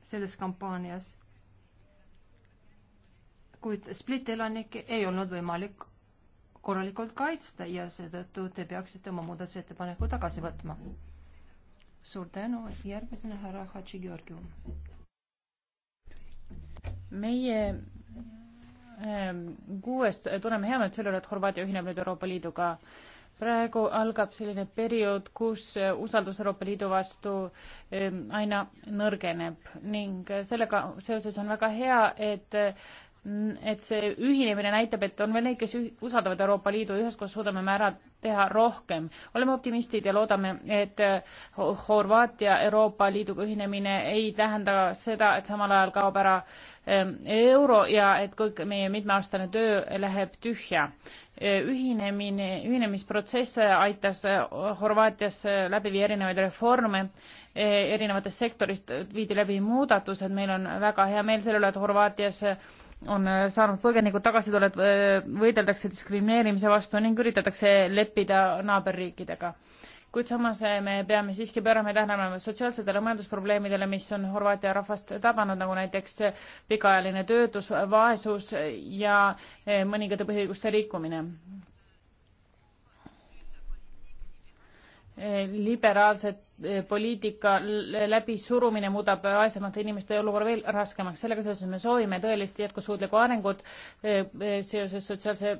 selles kampaanias, kuid Spliti elanikke ei olnud võimalik korralikult kaitsta ja seetõttu te peaksite oma muudatusettepaneku tagasi võtma. suur tänu, järgmisena härra Hadži Georgium. meie Ehm, kuues tunneme heameelt selle üle, et Horvaatia ühineb nüüd Euroopa Liiduga. praegu algab selline periood, kus eh, usaldus Euroopa Liidu vastu ehm, aina nõrgeneb ning eh, sellega seoses on väga hea, et et see ühinemine näitab, et on veel neid, kes usaldavad Euroopa Liidu, üheskoos suudame me ära teha rohkem. oleme optimistid ja loodame, et Horvaatia Euroopa Liiduga ühinemine ei tähenda seda, et samal ajal kaob ära ehm, euro ja et kõik meie mitmeaastane töö läheb tühja. Ehm, ühinemine, ühinemisprotsess aitas eh, Horvaatias eh, läbi viia erinevaid reforme, eh, erinevatest sektorist viidi läbi muudatused, meil on väga hea meel selle üle, et Horvaatias on äh, saanud põgenikud tagasi tulnud, äh, võideldakse diskrimineerimise vastu ning üritatakse leppida naaberriikidega. kuid samas äh, me peame siiski pöörama tähelepanu sotsiaalsetele majandusprobleemidele, mis on Horvaatia rahvast tabanud, nagu näiteks pikaajaline töötus, vaesus ja mõningate põhiõiguste rikkumine. liberaalse eh, poliitika läbisurumine muudab vaesemate inimeste olukorra veel raskemaks. sellega seoses me soovime tõelist jätkusuutlikku arengut eh, eh, seoses sotsiaalse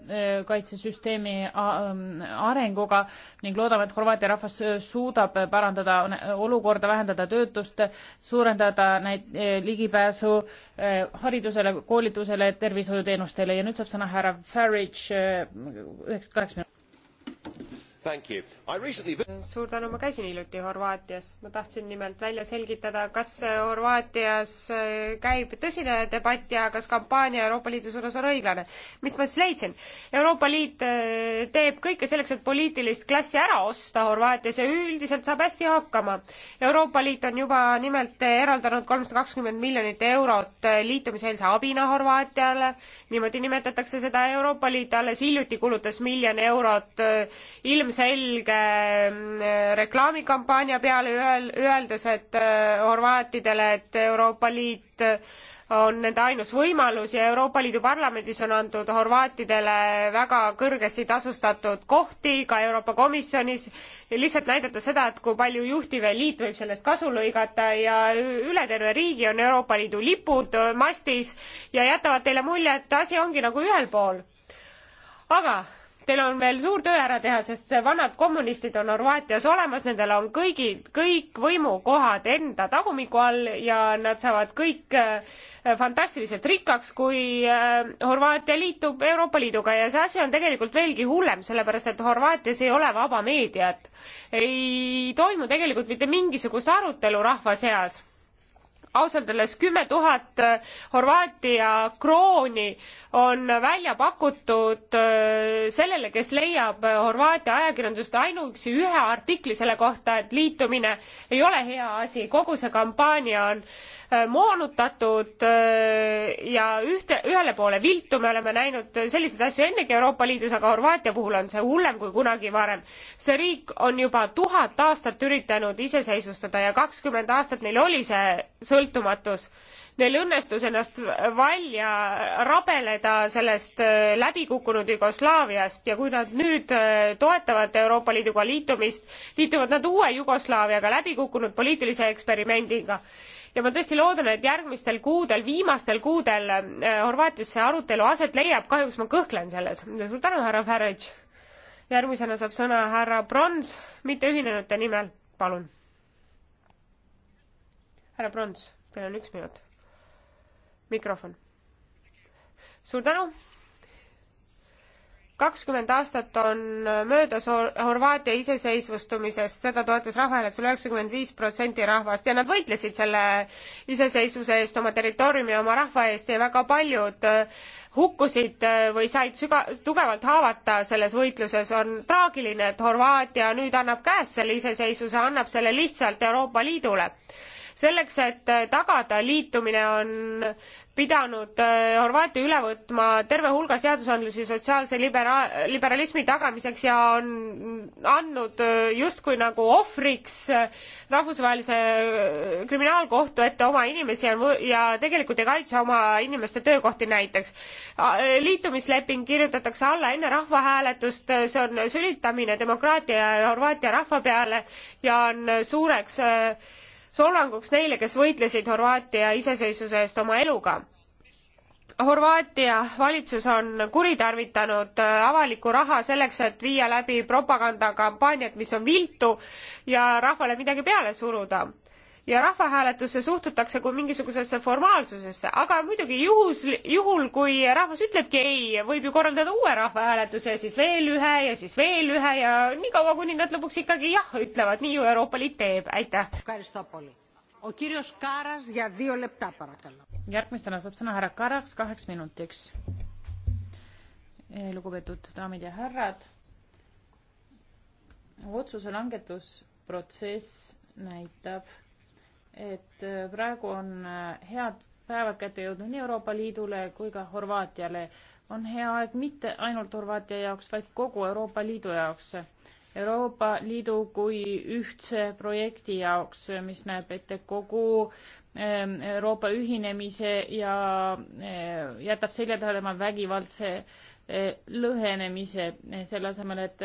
kaitsesüsteemi mm, arenguga ning loodame, et Horvaatia rahvas suudab parandada olukorda, vähendada töötust, suurendada neid ligipääsu haridusele, koolitusele, tervishoiuteenustele ja nüüd saab sõna härra Farage üheks, kaheks minutiks Recently... suur tänu, ma käisin hiljuti Horvaatias. ma tahtsin nimelt välja selgitada, kas äh, Horvaatias äh, käib tõsine debatt ja kas kampaania Euroopa Liidu suunas on õiglane. mis ma siis leidsin? Euroopa Liit äh, teeb kõike selleks, et poliitilist klassi ära osta Horvaatias ja üldiselt saab hästi hakkama. Euroopa Liit on juba nimelt eraldanud kolmsada kakskümmend miljonit eurot liitumiseelse abina Horvaatiale. niimoodi nimetatakse seda Euroopa Liit alles hiljuti kulutas miljon eurot ilmselt ilmselge mm, reklaamikampaania peale, öel-, öeldes, et äh, horvaatidele, et Euroopa Liit äh, on nende ainus võimalus ja Euroopa Liidu Parlamendis on antud horvaatidele väga kõrgesti tasustatud kohti, ka Euroopa Komisjonis, lihtsalt näidata seda, et kui palju juhtiv eliit võib sellest kasu lõigata ja üle terve riigi on Euroopa Liidu lipud äh, mastis ja jätavad teile mulje, et asi ongi nagu ühel pool. aga Teil on veel suur töö ära teha, sest vanad kommunistid on Horvaatias olemas, nendel on kõigi, kõik võimukohad enda tagumiku all ja nad saavad kõik äh, fantastiliselt rikkaks, kui äh, Horvaatia liitub Euroopa Liiduga ja see asi on tegelikult veelgi hullem, sellepärast et Horvaatias ei ole vaba meediat. ei toimu tegelikult mitte mingisugust arutelu rahva seas ausalt öeldes kümme tuhat äh, Horvaatia krooni on välja pakutud äh, sellele, kes leiab äh, Horvaatia ajakirjandusest ainuüksi ühe artikli selle kohta, et liitumine ei ole hea asi, kogu see kampaania on Äh, moonutatud äh, ja ühte, ühele poole viltu, me oleme näinud selliseid asju ennegi Euroopa Liidus, aga Horvaatia puhul on see hullem kui kunagi varem. see riik on juba tuhat aastat üritanud iseseisvustada ja kakskümmend aastat neil oli see sõltumatus. Neil õnnestus ennast välja rabeleda sellest äh, läbikukkunud Jugoslaaviast ja kui nad nüüd toetavad Euroopa Liiduga liitumist, liituvad nad uue Jugoslaaviaga läbikukkunud poliitilise eksperimendiga ja ma tõesti loodan, et järgmistel kuudel, viimastel kuudel äh, Horvaatias see arutelu aset leiab, kahjuks ma kõhklen selles. suur tänu, härra Farage. järgmisena saab sõna härra Brons, mitteühinenute nimel, palun. härra Brons, teil on üks minut. mikrofon. suur tänu kakskümmend aastat on möödas Horvaatia iseseisvustumisest, seda toetas rahvahääletusel üheksakümmend viis protsenti rahvast ja nad võitlesid selle iseseisvuse eest, oma territooriumi, oma rahva eest ja väga paljud äh, hukkusid äh, või said süga-, tugevalt haavata selles võitluses, on traagiline, et Horvaatia nüüd annab käest selle iseseisvuse, annab selle lihtsalt Euroopa Liidule selleks, et äh, tagada liitumine, on pidanud äh, Horvaatia üle võtma terve hulga seadusandlusi sotsiaalse libera-, liberalismi tagamiseks ja on andnud äh, justkui nagu ohvriks rahvusvahelise kriminaalkohtu ette oma inimesi ja, ja tegelikult ei kaitse oma inimeste töökohti näiteks. liitumisleping kirjutatakse alla enne rahvahääletust, see on sülitamine demokraatia ja Horvaatia rahva peale ja on suureks solvanguks neile, kes võitlesid Horvaatia iseseisvuse eest oma eluga. Horvaatia valitsus on kuritarvitanud äh, avalikku raha selleks, et viia läbi propagandakampaaniat, mis on viltu ja rahvale midagi peale suruda ja rahvahääletusse suhtutakse kui mingisugusesse formaalsusesse, aga muidugi juhus, juhul kui rahvas ütlebki ei, võib ju korraldada uue rahvahääletuse ja siis veel ühe ja siis veel ühe ja niikaua, kuni nad lõpuks ikkagi jah ütlevad, nii ju Euroopa Liit teeb, aitäh. järgmisena saab sõna härra Karas kaheks minutiks. Eh, lugupeetud daamid ja härrad, otsuse langetusprotsess näitab et äh, praegu on äh, head päevad kätte jõudnud nii Euroopa Liidule kui ka Horvaatiale. on hea aeg mitte ainult Horvaatia jaoks, vaid kogu Euroopa Liidu jaoks. Euroopa Liidu kui ühtse projekti jaoks, mis näeb ette kogu ähm, Euroopa ühinemise ja äh, jätab selja taha tema vägivaldse lõhenemise, selle asemel, et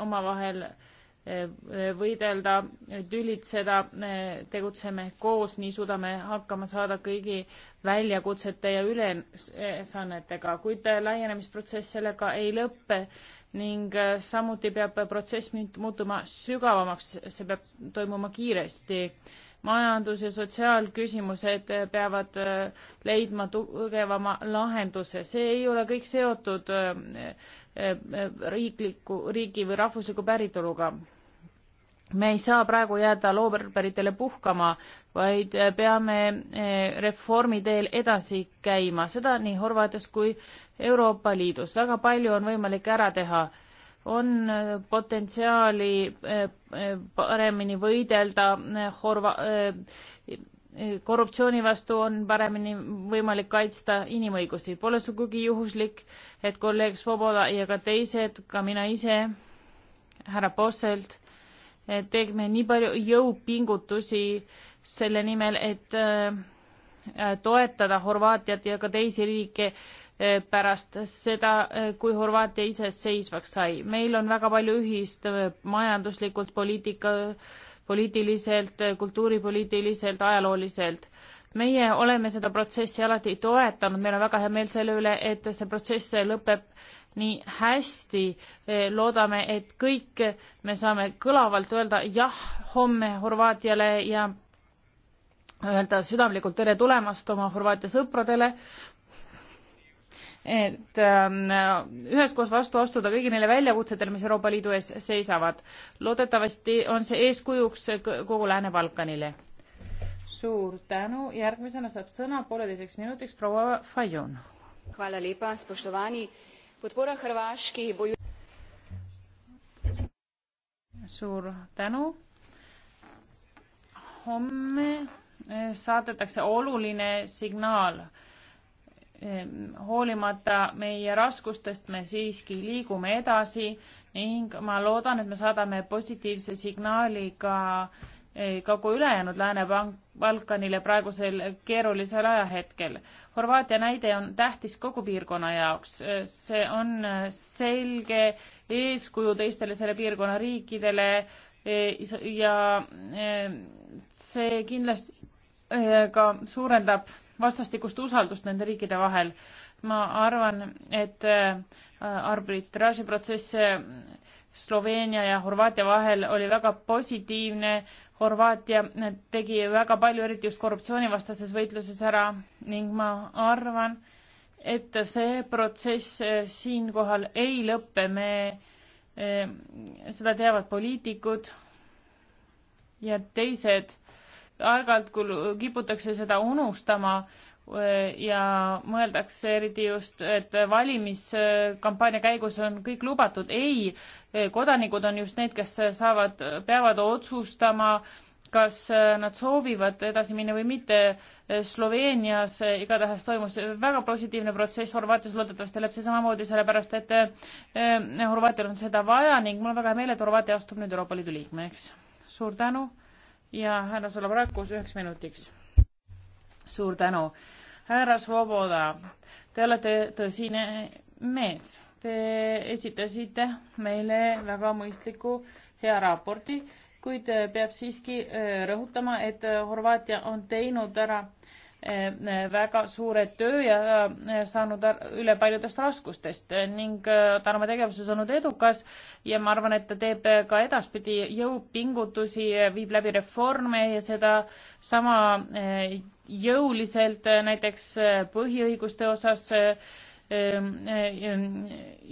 omavahel võidelda, tülitseda, tegutseme koos, nii suudame hakkama saada kõigi väljakutsete ja ülesannetega, kuid laienemisprotsess sellega ei lõppe ning samuti peab protsess muutuma sügavamaks, see peab toimuma kiiresti. majandus- ja sotsiaalküsimused peavad leidma tugevama lahenduse, see ei ole kõik seotud riikliku, riigi või rahvusliku päritoluga. me ei saa praegu jääda loorberitele puhkama, vaid peame eh, reformi teel edasi käima, seda nii Horvaatias kui Euroopa Liidus. väga palju on võimalik ära teha on eh, potentsiaali eh, paremini võidelda Horva-, korruptsiooni vastu on paremini võimalik kaitsta inimõigusi. Pole sugugi juhuslik, et kolleeg Svoboda ja ka teised, ka mina ise, härra Posselt, tegime nii palju jõupingutusi selle nimel, et äh, toetada Horvaatiat ja ka teisi riike äh, pärast seda, äh, kui Horvaatia iseseisvaks sai. meil on väga palju ühist majanduslikult, poliitika, poliitiliselt, kultuuripoliitiliselt, ajalooliselt. meie oleme seda protsessi alati toetanud, meil on väga hea meel selle üle, et see protsess lõpeb nii hästi. loodame, et kõik me saame kõlavalt öelda jah homme Horvaatiale ja öelda südamlikult tere tulemast oma Horvaatia sõpradele et ähm, üheskoos vastu astuda kõigi neile väljakutsetele, mis Euroopa Liidu ees seisavad. loodetavasti on see eeskujuks kogu Lääne-Balkanile. suur tänu, järgmisena saab sõna pooleteiseks minutiks proua Fajon. suur tänu. homme eh, saadetakse oluline signaal Ehm, hoolimata meie raskustest me siiski liigume edasi ning ma loodan, et me saadame positiivse signaali ka eh, kogu ülejäänud Lääne-Balkanile praegusel keerulisel ajahetkel. Horvaatia näide on tähtis kogu piirkonna jaoks. Eh, see on eh, selge eeskuju teistele selle piirkonna riikidele ja see kindlasti ka suurendab vastastikust usaldust nende riikide vahel. ma arvan, et äh, arbitraaži protsess äh, Sloveenia ja Horvaatia vahel oli väga positiivne. Horvaatia tegi väga palju, eriti just korruptsioonivastases võitluses ära ning ma arvan, et see protsess äh, siinkohal ei lõpe, me, seda teavad poliitikud ja teised aeg-ajalt kiputakse seda unustama äh, ja mõeldakse eriti just, et valimiskampaania käigus on kõik lubatud. ei, äh, kodanikud on just need, kes saavad, peavad otsustama, kas äh, nad soovivad edasi minna või mitte. Sloveenias igatahes toimus väga positiivne protsess, Horvaatias loodetavasti läheb see samamoodi, sellepärast et Horvaatial on seda vaja ning mul on väga hea meel, et Horvaatia astub nüüd Euroopa Liidu liikmeks. suur tänu ja härra Salobrakos üheks minutiks. suur tänu. härra Svoboda, te olete tõsine mees. Te esitasite meile väga mõistliku hea raporti, kuid äh, peab siiski äh, rõhutama, et äh, Horvaatia on teinud ära Eh, väga suure töö ja eh, saanud üle paljudest raskustest ning eh, ta on oma tegevuses olnud edukas ja ma arvan, et ta teeb ka edaspidi jõupingutusi, viib läbi reforme ja seda sama jõuliselt näiteks põhiõiguste osas,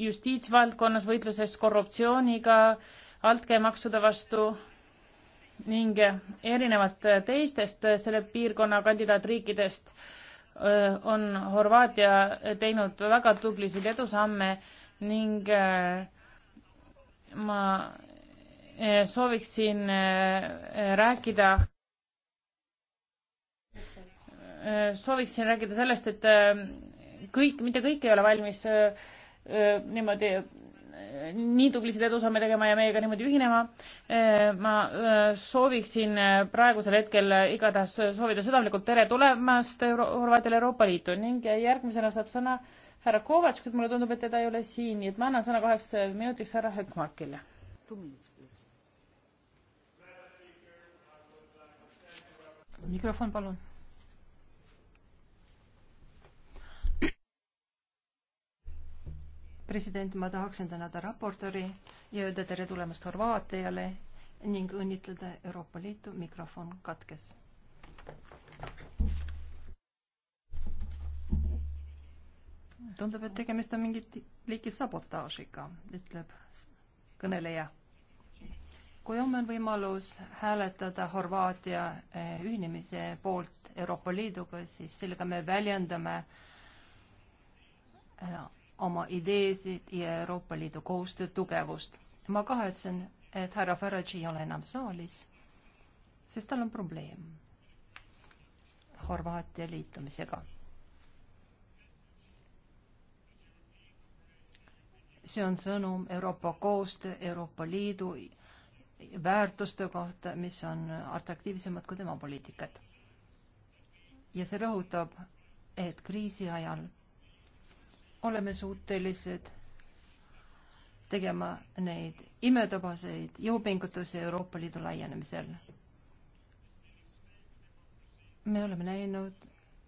justiitsvaldkonnas, võitluses korruptsiooniga, altkäemaksude vastu ning erinevalt teistest selle piirkonna kandidaatriikidest on Horvaatia teinud väga tublisid edusamme ning ma sooviksin rääkida sooviksin rääkida sellest, et kõik, mitte kõik ei ole valmis niimoodi nii tublisid edusamme tegema ja meiega niimoodi ühinema. Äh, ma äh, sooviksin äh, praegusel hetkel igatahes soovida südamlikult tere tulemast Euro Horvaatiale Euroopa Liitu ning järgmisena saab sõna härra Kovatš, kuid mulle tundub, et teda ei ole siin, nii et ma annan sõna kaheks minutiks härra Hökmarkile. mikrofon, palun president, ma tahaksin tänada raportööri ja öelda tere tulemast Horvaatiale ning õnnitleda Euroopa Liitu, mikrofon katkes. tundub, et tegemist on mingit liiki sabotaažiga, ütleb kõneleja. kui homme on võimalus hääletada Horvaatia eh, ühinemise poolt Euroopa Liiduga, siis sellega me väljendame eh, oma ideesid ja Euroopa Liidu koostöö tugevust. ma kahetsen, et härra Farage ei ole enam saalis, sest tal on probleem Horvaatia liitumisega. see on sõnum Euroopa koostöö, Euroopa Liidu väärtuste kohta, mis on atraktiivsemad kui tema poliitikad. ja see rõhutab, et kriisi ajal oleme suutelised tegema neid imetabaseid jõupingutusi Euroopa Liidu laienemisel. me oleme näinud,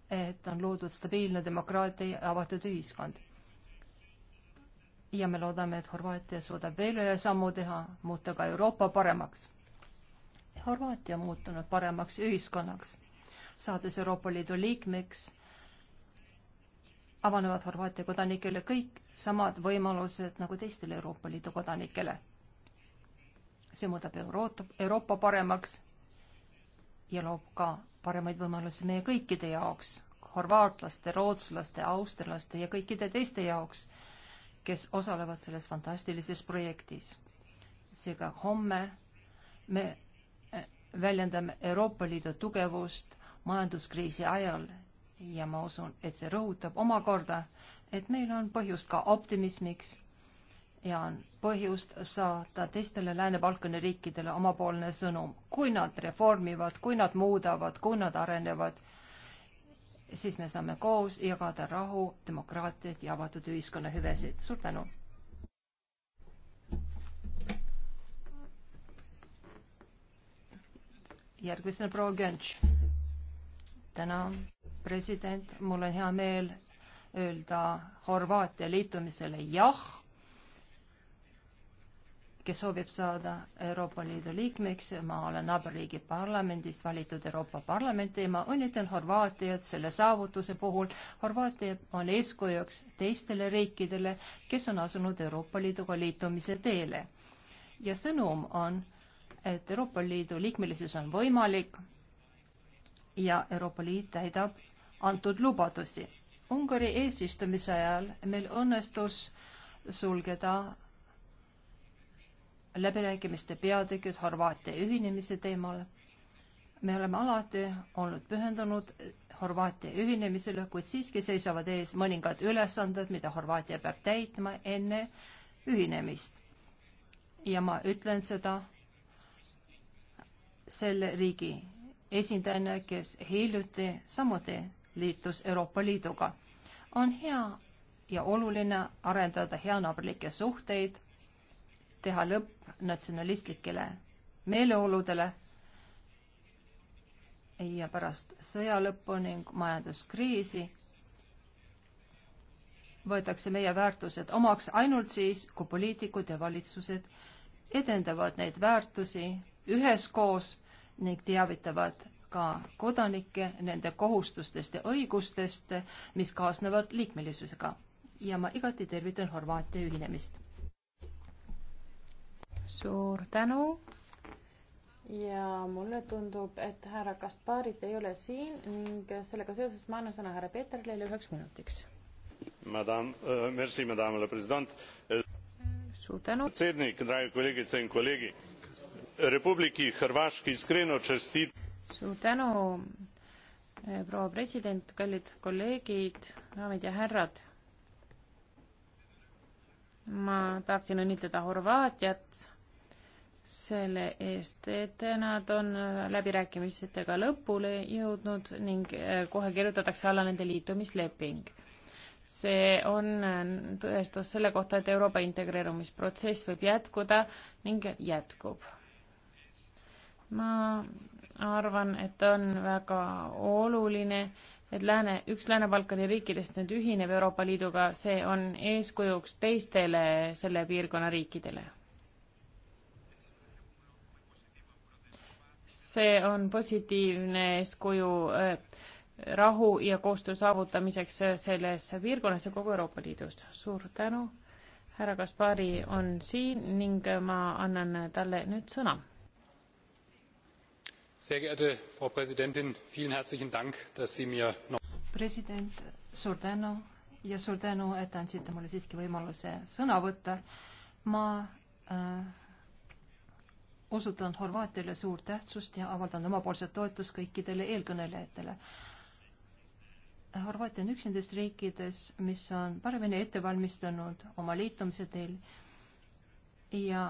et on loodud stabiilne demokraatia ja avatud ühiskond. ja me loodame, et Horvaatia suudab veel ühe sammu teha, muuta ka Euroopa paremaks. Horvaatia on muutunud paremaks ühiskonnaks, saades Euroopa Liidu liikmeks avanevad Horvaatia kodanikele kõik samad võimalused nagu teistele Euroopa Liidu kodanikele. see muudab Euroopa, Euroopa paremaks ja loob ka paremaid võimalusi meie kõikide jaoks, horvaatlaste, rootslaste, austerlaste ja kõikide teiste jaoks, kes osalevad selles fantastilises projektis. seega homme me eh, väljendame Euroopa Liidu tugevust majanduskriisi ajal ja ma usun, et see rõhutab omakorda, et meil on põhjust ka optimismiks ja on põhjust saata teistele Lääne-Balkani riikidele omapoolne sõnum. kui nad reformivad, kui nad muudavad, kui nad arenevad, siis me saame koos jagada rahu, demokraatiat ja avatud ühiskonna hüvesid. suur tänu! järgmisena proua Gönš. tänan! president, mul on hea meel öelda Horvaatia liitumisele jah, kes soovib saada Euroopa Liidu liikmeks, ma olen naaberriigi parlamendist valitud Euroopa Parlamenti ja ma õnnitan Horvaatiat selle saavutuse puhul. Horvaatia on eeskujuks teistele riikidele, kes on asunud Euroopa Liiduga liitumise teele. ja sõnum on, et Euroopa Liidu liikmelisus on võimalik ja Euroopa Liit täidab antud lubadusi. Ungari eesistumise ajal meil õnnestus sulgeda läbirääkimiste peatükid Horvaatia ühinemise teemal. me oleme alati olnud pühendunud Horvaatia ühinemisele, kuid siiski seisavad ees mõningad ülesanded, mida Horvaatia peab täitma enne ühinemist. ja ma ütlen seda selle riigi esindajana, kes hiljuti samuti liitus Euroopa Liiduga. on hea ja oluline arendada heanaaberlikke suhteid, teha lõpp natsionalistlikele meeleoludele ja pärast sõja lõppu ning majanduskriisi võetakse meie väärtused omaks ainult siis, kui poliitikud ja valitsused edendavad neid väärtusi üheskoos ning teavitavad ka kodanikke nende kohustustest ja õigustest, mis kaasnevad liikmelisusega. ja ma igati tervitan Horvaatia ühinemist. suur tänu ja mulle tundub, et härra Kasparit ei ole siin ning sellega seoses ma annan sõna härra Peeterlile üheks minutiks. Madam äh,, merci, madam la president. suur tänu. predsednik, dragi kolegitse in kolegi. Republiki Hrvatski iskreno čestit- suur tänu, eh, proua president, kallid kolleegid, daamid ja härrad. ma tahtsin õnnitleda Horvaatiat selle eest, et nad on läbirääkimistega lõpule jõudnud ning eh, kohe kirjutatakse alla nende liitumisleping. see on eh, tõestus selle kohta, et Euroopa integreerumisprotsess võib jätkuda ning jätkub. ma arvan, et on väga oluline, et Lääne, üks Lääne-Balkani riikidest nüüd ühineb Euroopa Liiduga, see on eeskujuks teistele selle piirkonna riikidele. see on positiivne eeskuju äh, rahu ja koostöö saavutamiseks selles piirkonnas ja kogu Euroopa Liidus. suur tänu, härra Kaspari on siin ning ma annan talle nüüd sõna sehr geehrte Frau Präsidentin, vielen herzlichen Dank, dass Sie mir no president, suur tänu ja suur tänu, et andsite mulle siiski võimaluse sõna võtta. ma äh, osutan Horvaatiale suurt tähtsust ja avaldan omapoolset toetust kõikidele eelkõnelejatele. Horvaatia on üks nendest riikides, mis on paremini ette valmistanud oma liitumise teel ja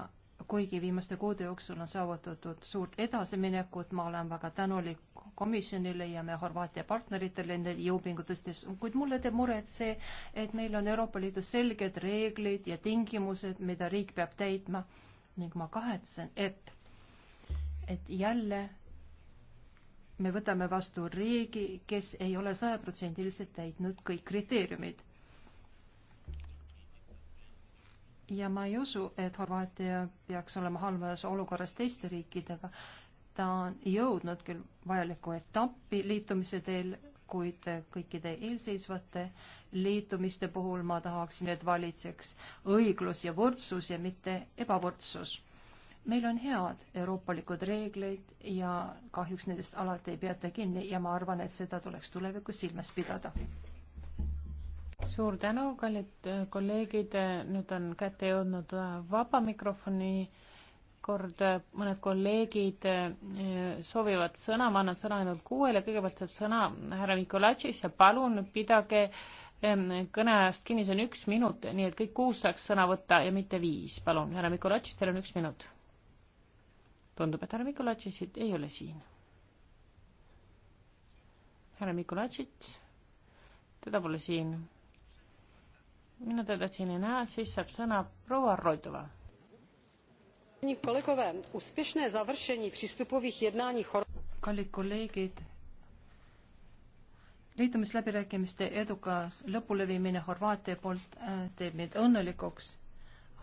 kuigi viimaste kuude jooksul on saavutatud suurt edasiminekut, ma olen väga tänulik komisjonile ja me Horvaatia partneritele nende jõupingutustes, kuid mulle teeb muret see, et meil on Euroopa Liidus selged reeglid ja tingimused, mida riik peab täitma ning ma kahetsen, et, et jälle me võtame vastu riigi, kes ei ole sajaprotsendiliselt täitnud kõik kriteeriumid ja ma ei usu, et Horvaatia peaks olema halvas olukorras teiste riikidega. ta on jõudnud küll vajalikku etappi liitumise teel, kuid kõikide eelseisvate liitumiste puhul ma tahaksin, et valitseks õiglus ja võrdsus ja mitte ebavõrdsus. meil on head euroopalikud reegleid ja kahjuks nendest alati ei peata kinni ja ma arvan, et seda tuleks tulevikus silmas pidada suur tänu, kallid äh, kolleegid, äh, nüüd on kätte jõudnud äh, vaba mikrofoni kord, mõned kolleegid soovivad sõna, ma annan sõna ainult kuuele, kõigepealt saab sõna härra Nikolatšis ja palun pidage ähm, kõneajast kinni, see on üks minut, nii et kõik kuus saaks sõna võtta ja mitte viis, palun, härra Mikolatšis, teil on üks minut. tundub, et härra Mikolatšisit ei ole siin. härra Mikolatšits, teda pole siin minu teda siin ei näe, siis saab sõna proua Roidova. kallid kolleegid, liitumisläbirääkimiste edukas lõpuleviimine Horvaatia poolt äh, teeb meid õnnelikuks.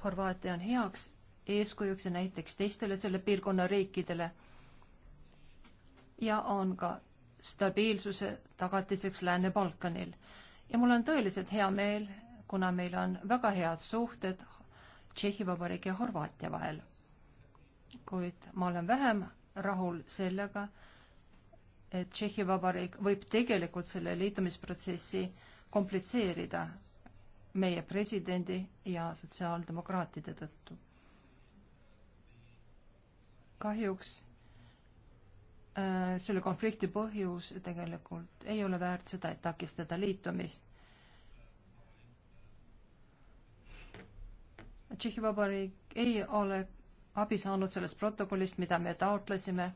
Horvaatia on heaks eeskujuks ja näiteks teistele selle piirkonna riikidele ja on ka stabiilsuse tagatiseks Lääne-Balkanil. ja mul on tõeliselt hea meel, kuna meil on väga head suhted Tšehhi Vabariigi ja Horvaatia vahel. kuid ma olen vähem rahul sellega, et Tšehhi Vabariik võib tegelikult selle liitumisprotsessi komplitseerida meie presidendi ja sotsiaaldemokraatide tõttu. kahjuks äh, selle konflikti põhjus tegelikult ei ole väärt seda, et takistada liitumist Tšehhi Vabariik ei ole abi saanud sellest protokollist, mida me taotlesime.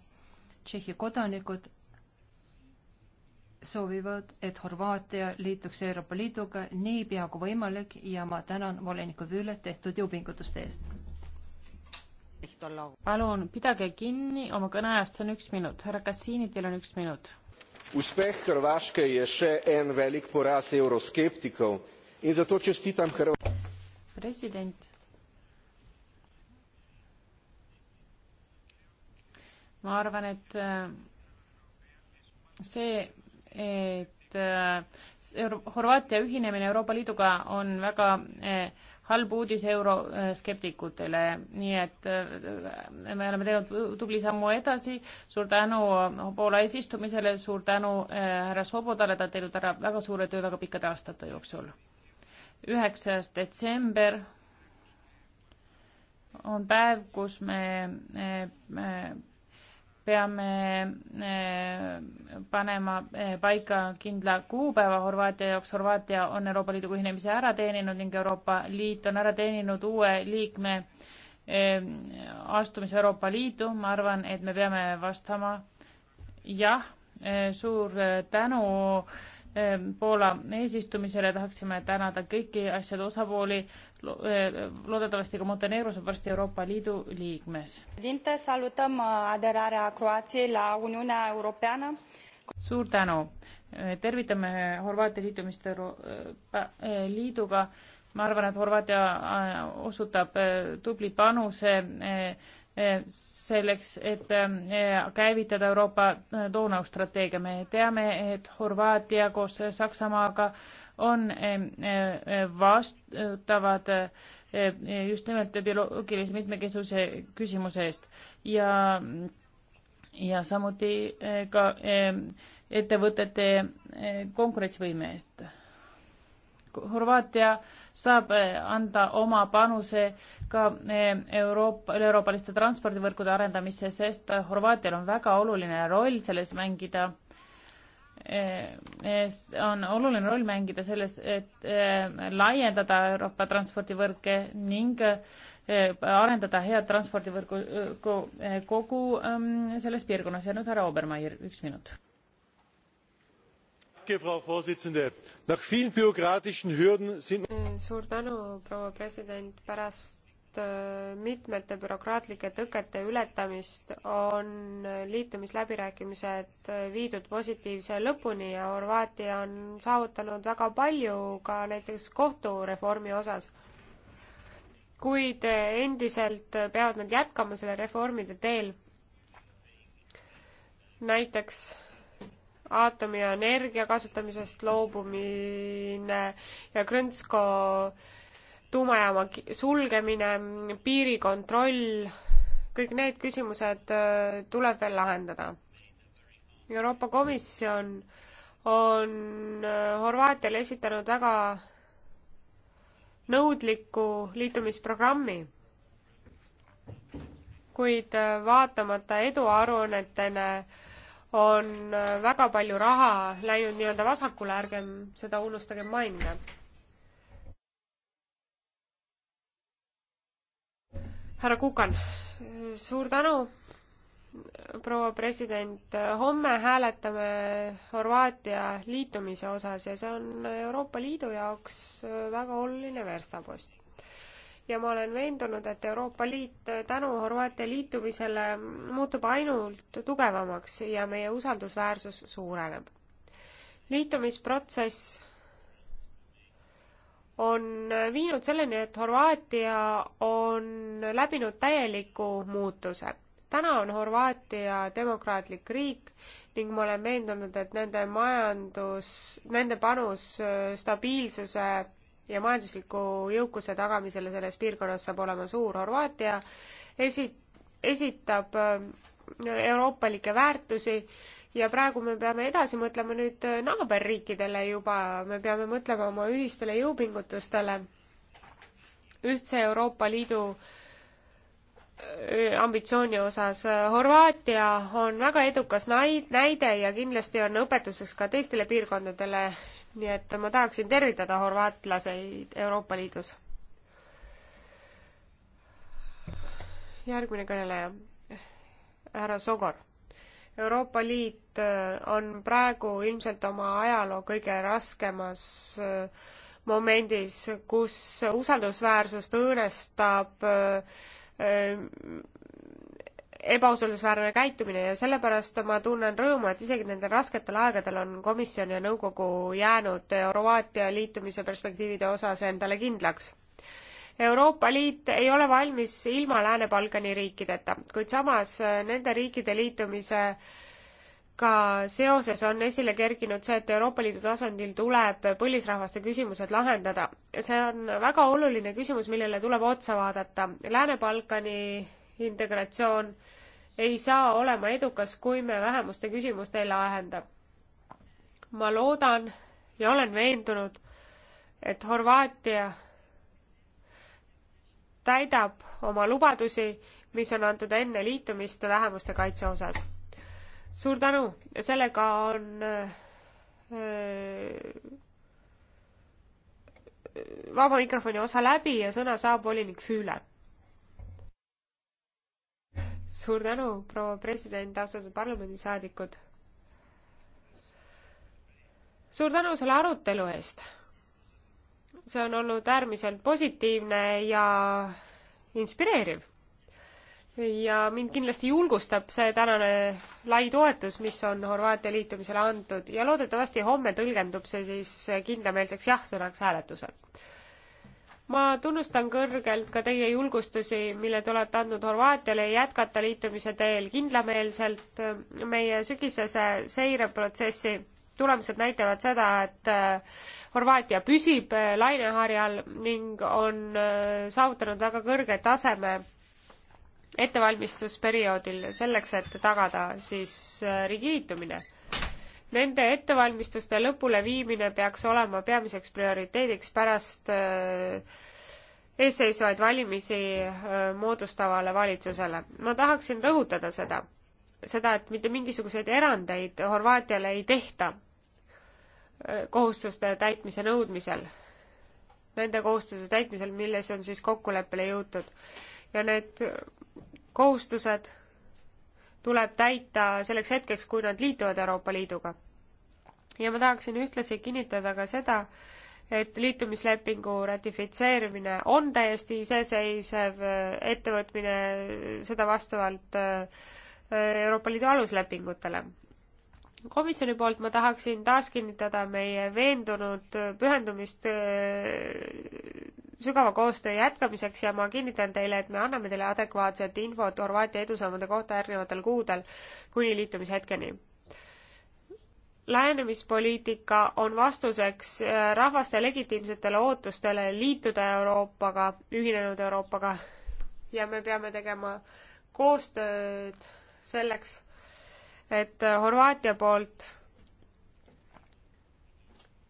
Tšehhi kodanikud soovivad, et Horvaatia liituks Euroopa Liiduga niipea kui võimalik ja ma tänan voliniku Vüüle tehtud jõupingutuste eest. palun pidage kinni oma kõneajast, see on üks minut. härra Kassiini, teil on üks minut. Uspeh Hrvaške je še en velik poraz euroskeptikov in zato čestitam Hrvatskoj. president ma arvan, et äh, see, et äh, Horvaatia ühinemine Euroopa Liiduga on väga äh, halb uudis euroskeptikutele, nii et me oleme teinud tubli sammu edasi, suur tänu Poola eesistumisele, suur tänu härra Sobodale, ta on teinud ära väga suure töö väga pikkade aastate jooksul. üheksas detsember on päev, kus me, me, me peame eh, panema eh, paika kindla kuupäeva Horvaatia jaoks. Horvaatia on Euroopa Liiduga ühinemise ära teeninud ning Euroopa Liit on ära teeninud uue liikme eh, astumise Euroopa Liitu. ma arvan, et me peame vastama jah, suur tänu Ähm, Poola eesistumisele tahaksime tänada kõiki asjade osapooli, äh, loodetavasti ka Montenegro saab varsti Euroopa Liidu liikmes. Äh, suur tänu, äh, tervitame Horvaatia liitumist Euroopa Liiduga, ma arvan, et Horvaatia osutab tubli panuse selleks, et eh, käivitada Euroopa eh, toonaustrateegia. me teame, et Horvaatia koos Saksamaaga on eh, vastutavad just nimelt bioloogilise mitmekesisuse küsimuse eest ja, ja samuti ka ettevõtete konkurentsivõime eest Horvaatia saab eh, anda oma panuse ka eh, Euroopa, üle-euroopaliste transpordivõrkude arendamisse, sest eh, Horvaatial on väga oluline roll selles mängida. on oluline roll mängida selles, et laiendada Euroopa transpordivõrke ning arendada head transpordivõrku kogu ehm, selles piirkonnas ja nüüd härra Obermeier, üks minut frau präsidentin! nach vielen bürokratischen hürden sind. Äh, suur tänu proua president pärast äh, mitmete bürokraatlike tõkete ületamist on äh, liitumisläbirääkimised viidud positiivse lõpuni ja horvaatia on saavutanud väga palju ka näiteks kohtureformi osas kuid endiselt peavad nad jätkama selle reformide teel näiteks aatomienergia kasutamisest loobumine ja Krõnsko tuumajaama sulgemine, piirikontroll, kõik need küsimused äh, tuleb veel lahendada. Euroopa Komisjon on äh, Horvaatiale esitanud väga nõudliku liitumisprogrammi kuid äh, vaatamata eduaruannetele on äh, väga palju raha läinud nii-öelda vasakule, ärgem seda unustagem mainida. härra Kukan, suur tänu, proua president. homme hääletame Horvaatia liitumise osas ja see on Euroopa Liidu jaoks väga oluline verstapost ja ma olen veendunud, et Euroopa Liit tänu Horvaatia liitumisele muutub ainult tugevamaks ja meie usaldusväärsus suureneb. liitumisprotsess on viinud selleni, et Horvaatia on läbinud täieliku muutuse. täna on Horvaatia demokraatlik riik ning ma olen veendunud, et nende majandus, nende panus stabiilsuse ja majandusliku jõukuse tagamisele selles piirkonnas saab olema suur. Horvaatia esi-, esitab äh, euroopalikke väärtusi ja praegu me peame edasi mõtlema nüüd äh, naaberriikidele juba, me peame mõtlema oma ühistele jõupingutustele, ühtse Euroopa Liidu äh, ambitsiooni osas. Horvaatia on väga edukas näide ja kindlasti on õpetuseks ka teistele piirkondadele nii et ma tahaksin tervitada horvaatlaseid Euroopa Liidus. järgmine kõneleja, härra Sogor. Euroopa Liit äh, on praegu ilmselt oma ajaloo kõige raskemas äh, momendis, kus usaldusväärsust õõnestab äh, ebausaldusväärne käitumine ja sellepärast ma tunnen rõõmu, et isegi nendel rasketel aegadel on komisjon ja nõukogu jäänud Horvaatia liitumise perspektiivide osas endale kindlaks. Euroopa Liit ei ole valmis ilma Lääne-Balkani riikideta, kuid samas nende riikide liitumise ka seoses on esile kerkinud see, et Euroopa Liidu tasandil tuleb põlisrahvaste küsimused lahendada. see on väga oluline küsimus, millele tuleb otsa vaadata. Lääne-Balkani integratsioon ei saa olema edukas, kui me vähemuste küsimust ei lahenda. ma loodan ja olen veendunud, et Horvaatia täidab oma lubadusi, mis on antud enne liitumist vähemuste kaitse osas. suur tänu, sellega on öö, äh, äh, vaba mikrofoni osa läbi ja sõna saab volinik Füüle suur tänu, proua president, austatud parlamendisaadikud. suur tänu selle arutelu eest. see on olnud äärmiselt positiivne ja inspireeriv ja mind kindlasti julgustab see tänane lai toetus, mis on Horvaatia liitumisele antud ja loodetavasti homme tõlgendub see siis kindlameelseks jah-sõnaks hääletusel ma tunnustan kõrgelt ka teie julgustusi, mille te olete andnud Horvaatiale jätkata liitumise teel kindlameelselt. Äh, meie sügisese seireprotsessi tulemused näitavad seda, et äh, Horvaatia püsib äh, laineharjal ning on saavutanud väga kõrge taseme ettevalmistusperioodil selleks, et tagada siis riigi liitumine Nende ettevalmistuste lõpuleviimine peaks olema peamiseks prioriteediks pärast äh, eesseisvaid valimisi äh, moodustavale valitsusele. ma tahaksin rõhutada seda, seda, et mitte mingisuguseid erandeid Horvaatiale ei tehta äh, kohustuste täitmise nõudmisel, nende kohustuste täitmisel, milles on siis kokkuleppele jõutud. ja need kohustused tuleb täita selleks hetkeks, kui nad liituvad Euroopa Liiduga. ja ma tahaksin ühtlasi kinnitada ka seda, et liitumislepingu ratifitseerimine on täiesti iseseisev äh, ettevõtmine, seda vastavalt äh, Euroopa Liidu aluslepingutele. komisjoni poolt ma tahaksin taas kinnitada meie veendunud äh, pühendumist sügava koostöö jätkamiseks ja ma kinnitan teile, et me anname teile adekvaatset infot Horvaatia edusammude kohta järgnevatel kuudel kuni liitumishetkeni. lähenemispoliitika on vastuseks äh, rahvaste legitiimsetele ootustele liituda Euroopaga, ühinenud Euroopaga ja me peame tegema koostööd selleks, et Horvaatia poolt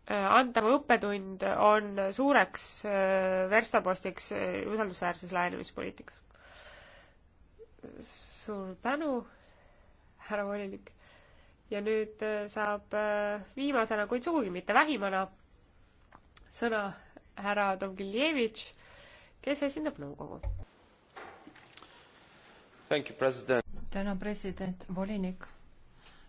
Äh, antav õppetund on suureks äh, verstapostiks äh, usaldusväärses laenumispoliitikas. suur tänu, härra volinik. ja nüüd saab viimasena, kuid sugugi mitte vähimana, sõna härra Dovgiljevitš, kes esindab nõukogu. tänan, president, volinik,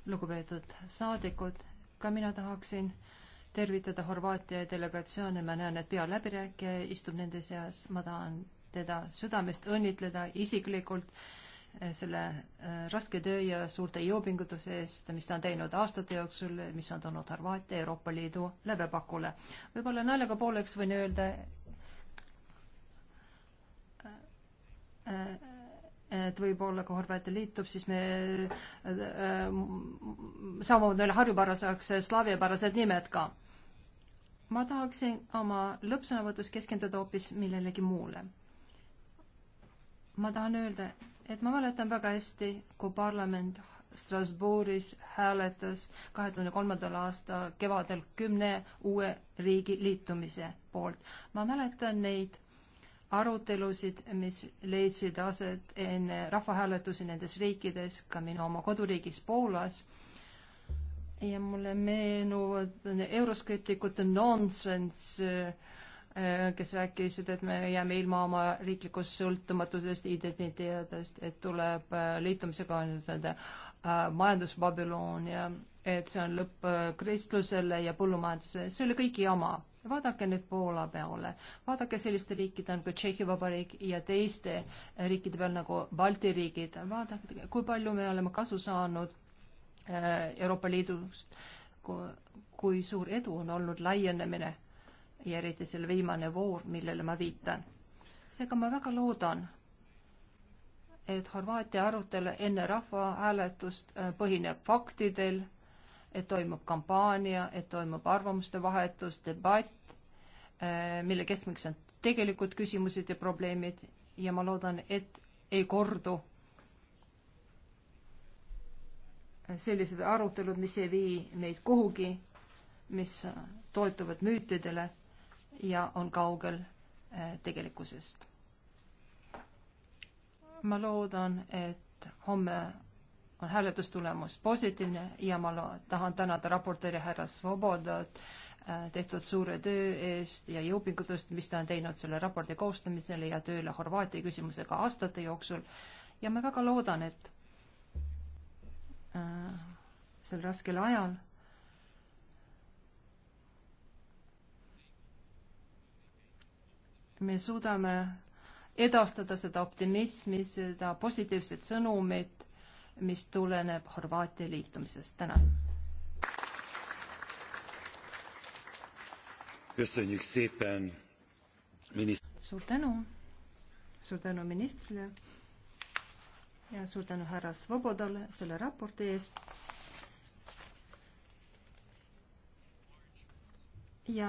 lugupeetud saadikud, ka mina tahaksin äh, tervitada Horvaatia delegatsiooni, ma näen, et pealäbirääkija istub nende seas, ma tahan teda südamest õnnitleda isiklikult eh, selle eh, raske töö ja suurte jõupingutuse eest, mis ta on teinud aastate jooksul, mis on toonud Horvaatia Euroopa Liidu läbepakule. võib-olla naljaga pooleks võin öelda, eh, et võib-olla kui Horvaatia liitub, siis me samamoodi meile harjupäraselt, slaavipäraselt nimed ka ma tahaksin oma lõppsõnavõtus keskenduda hoopis millelegi muule. ma tahan öelda, et ma mäletan väga hästi, kui parlament Strasbourgis hääletas kahekümne kolmandal aasta kevadel kümne uue riigi liitumise poolt. ma mäletan neid arutelusid, mis leidsid aset enne rahvahääletusi nendes riikides, ka minu oma koduriigis Poolas ja mulle meenuvad euroskeptikute nonsense, äh, kes rääkisid, et me jääme ilma oma riiklikust sõltumatusest, identiteedest, et tuleb äh, liitumisega nii-öelda äh, majandusbabüloon ja et see on lõpp kristlusele ja põllumajandusele, see oli kõik jama. vaadake nüüd Poola peale, vaadake selliste riikide nagu Tšehhi Vabariik ja teiste riikide peal nagu Balti riigid, vaadake, kui palju me oleme kasu saanud Äh, Euroopa Liidust, kui suur edu on olnud laienemine ja eriti selle viimane voor, millele ma viitan. seega ma väga loodan, et Horvaatia arutelu enne rahvahääletust äh, põhineb faktidel, et toimub kampaania, et toimub arvamuste vahetus, debatt, äh, mille keskmiseks on tegelikud küsimused ja probleemid ja ma loodan, et ei kordu sellised arutelud, mis ei vii meid kuhugi, mis toetuvad müütidele ja on kaugel eh, tegelikkusest. ma loodan, et homme on hääletustulemus positiivne ja ma tahan tänada raportööri härra Svobodat eh, tehtud suure töö eest ja jõupingutust, mis ta on teinud selle raporti koostamisele ja tööle Horvaatia küsimusega aastate jooksul. ja ma väga loodan, et Äh, sel raskel ajal. me suudame edastada seda optimismi, seda positiivset sõnumit, mis tuleneb Horvaatia liitumisest. tänan. suur tänu, suur tänu ministrile ja suur tänu härra Svobodale selle raporti eest. ja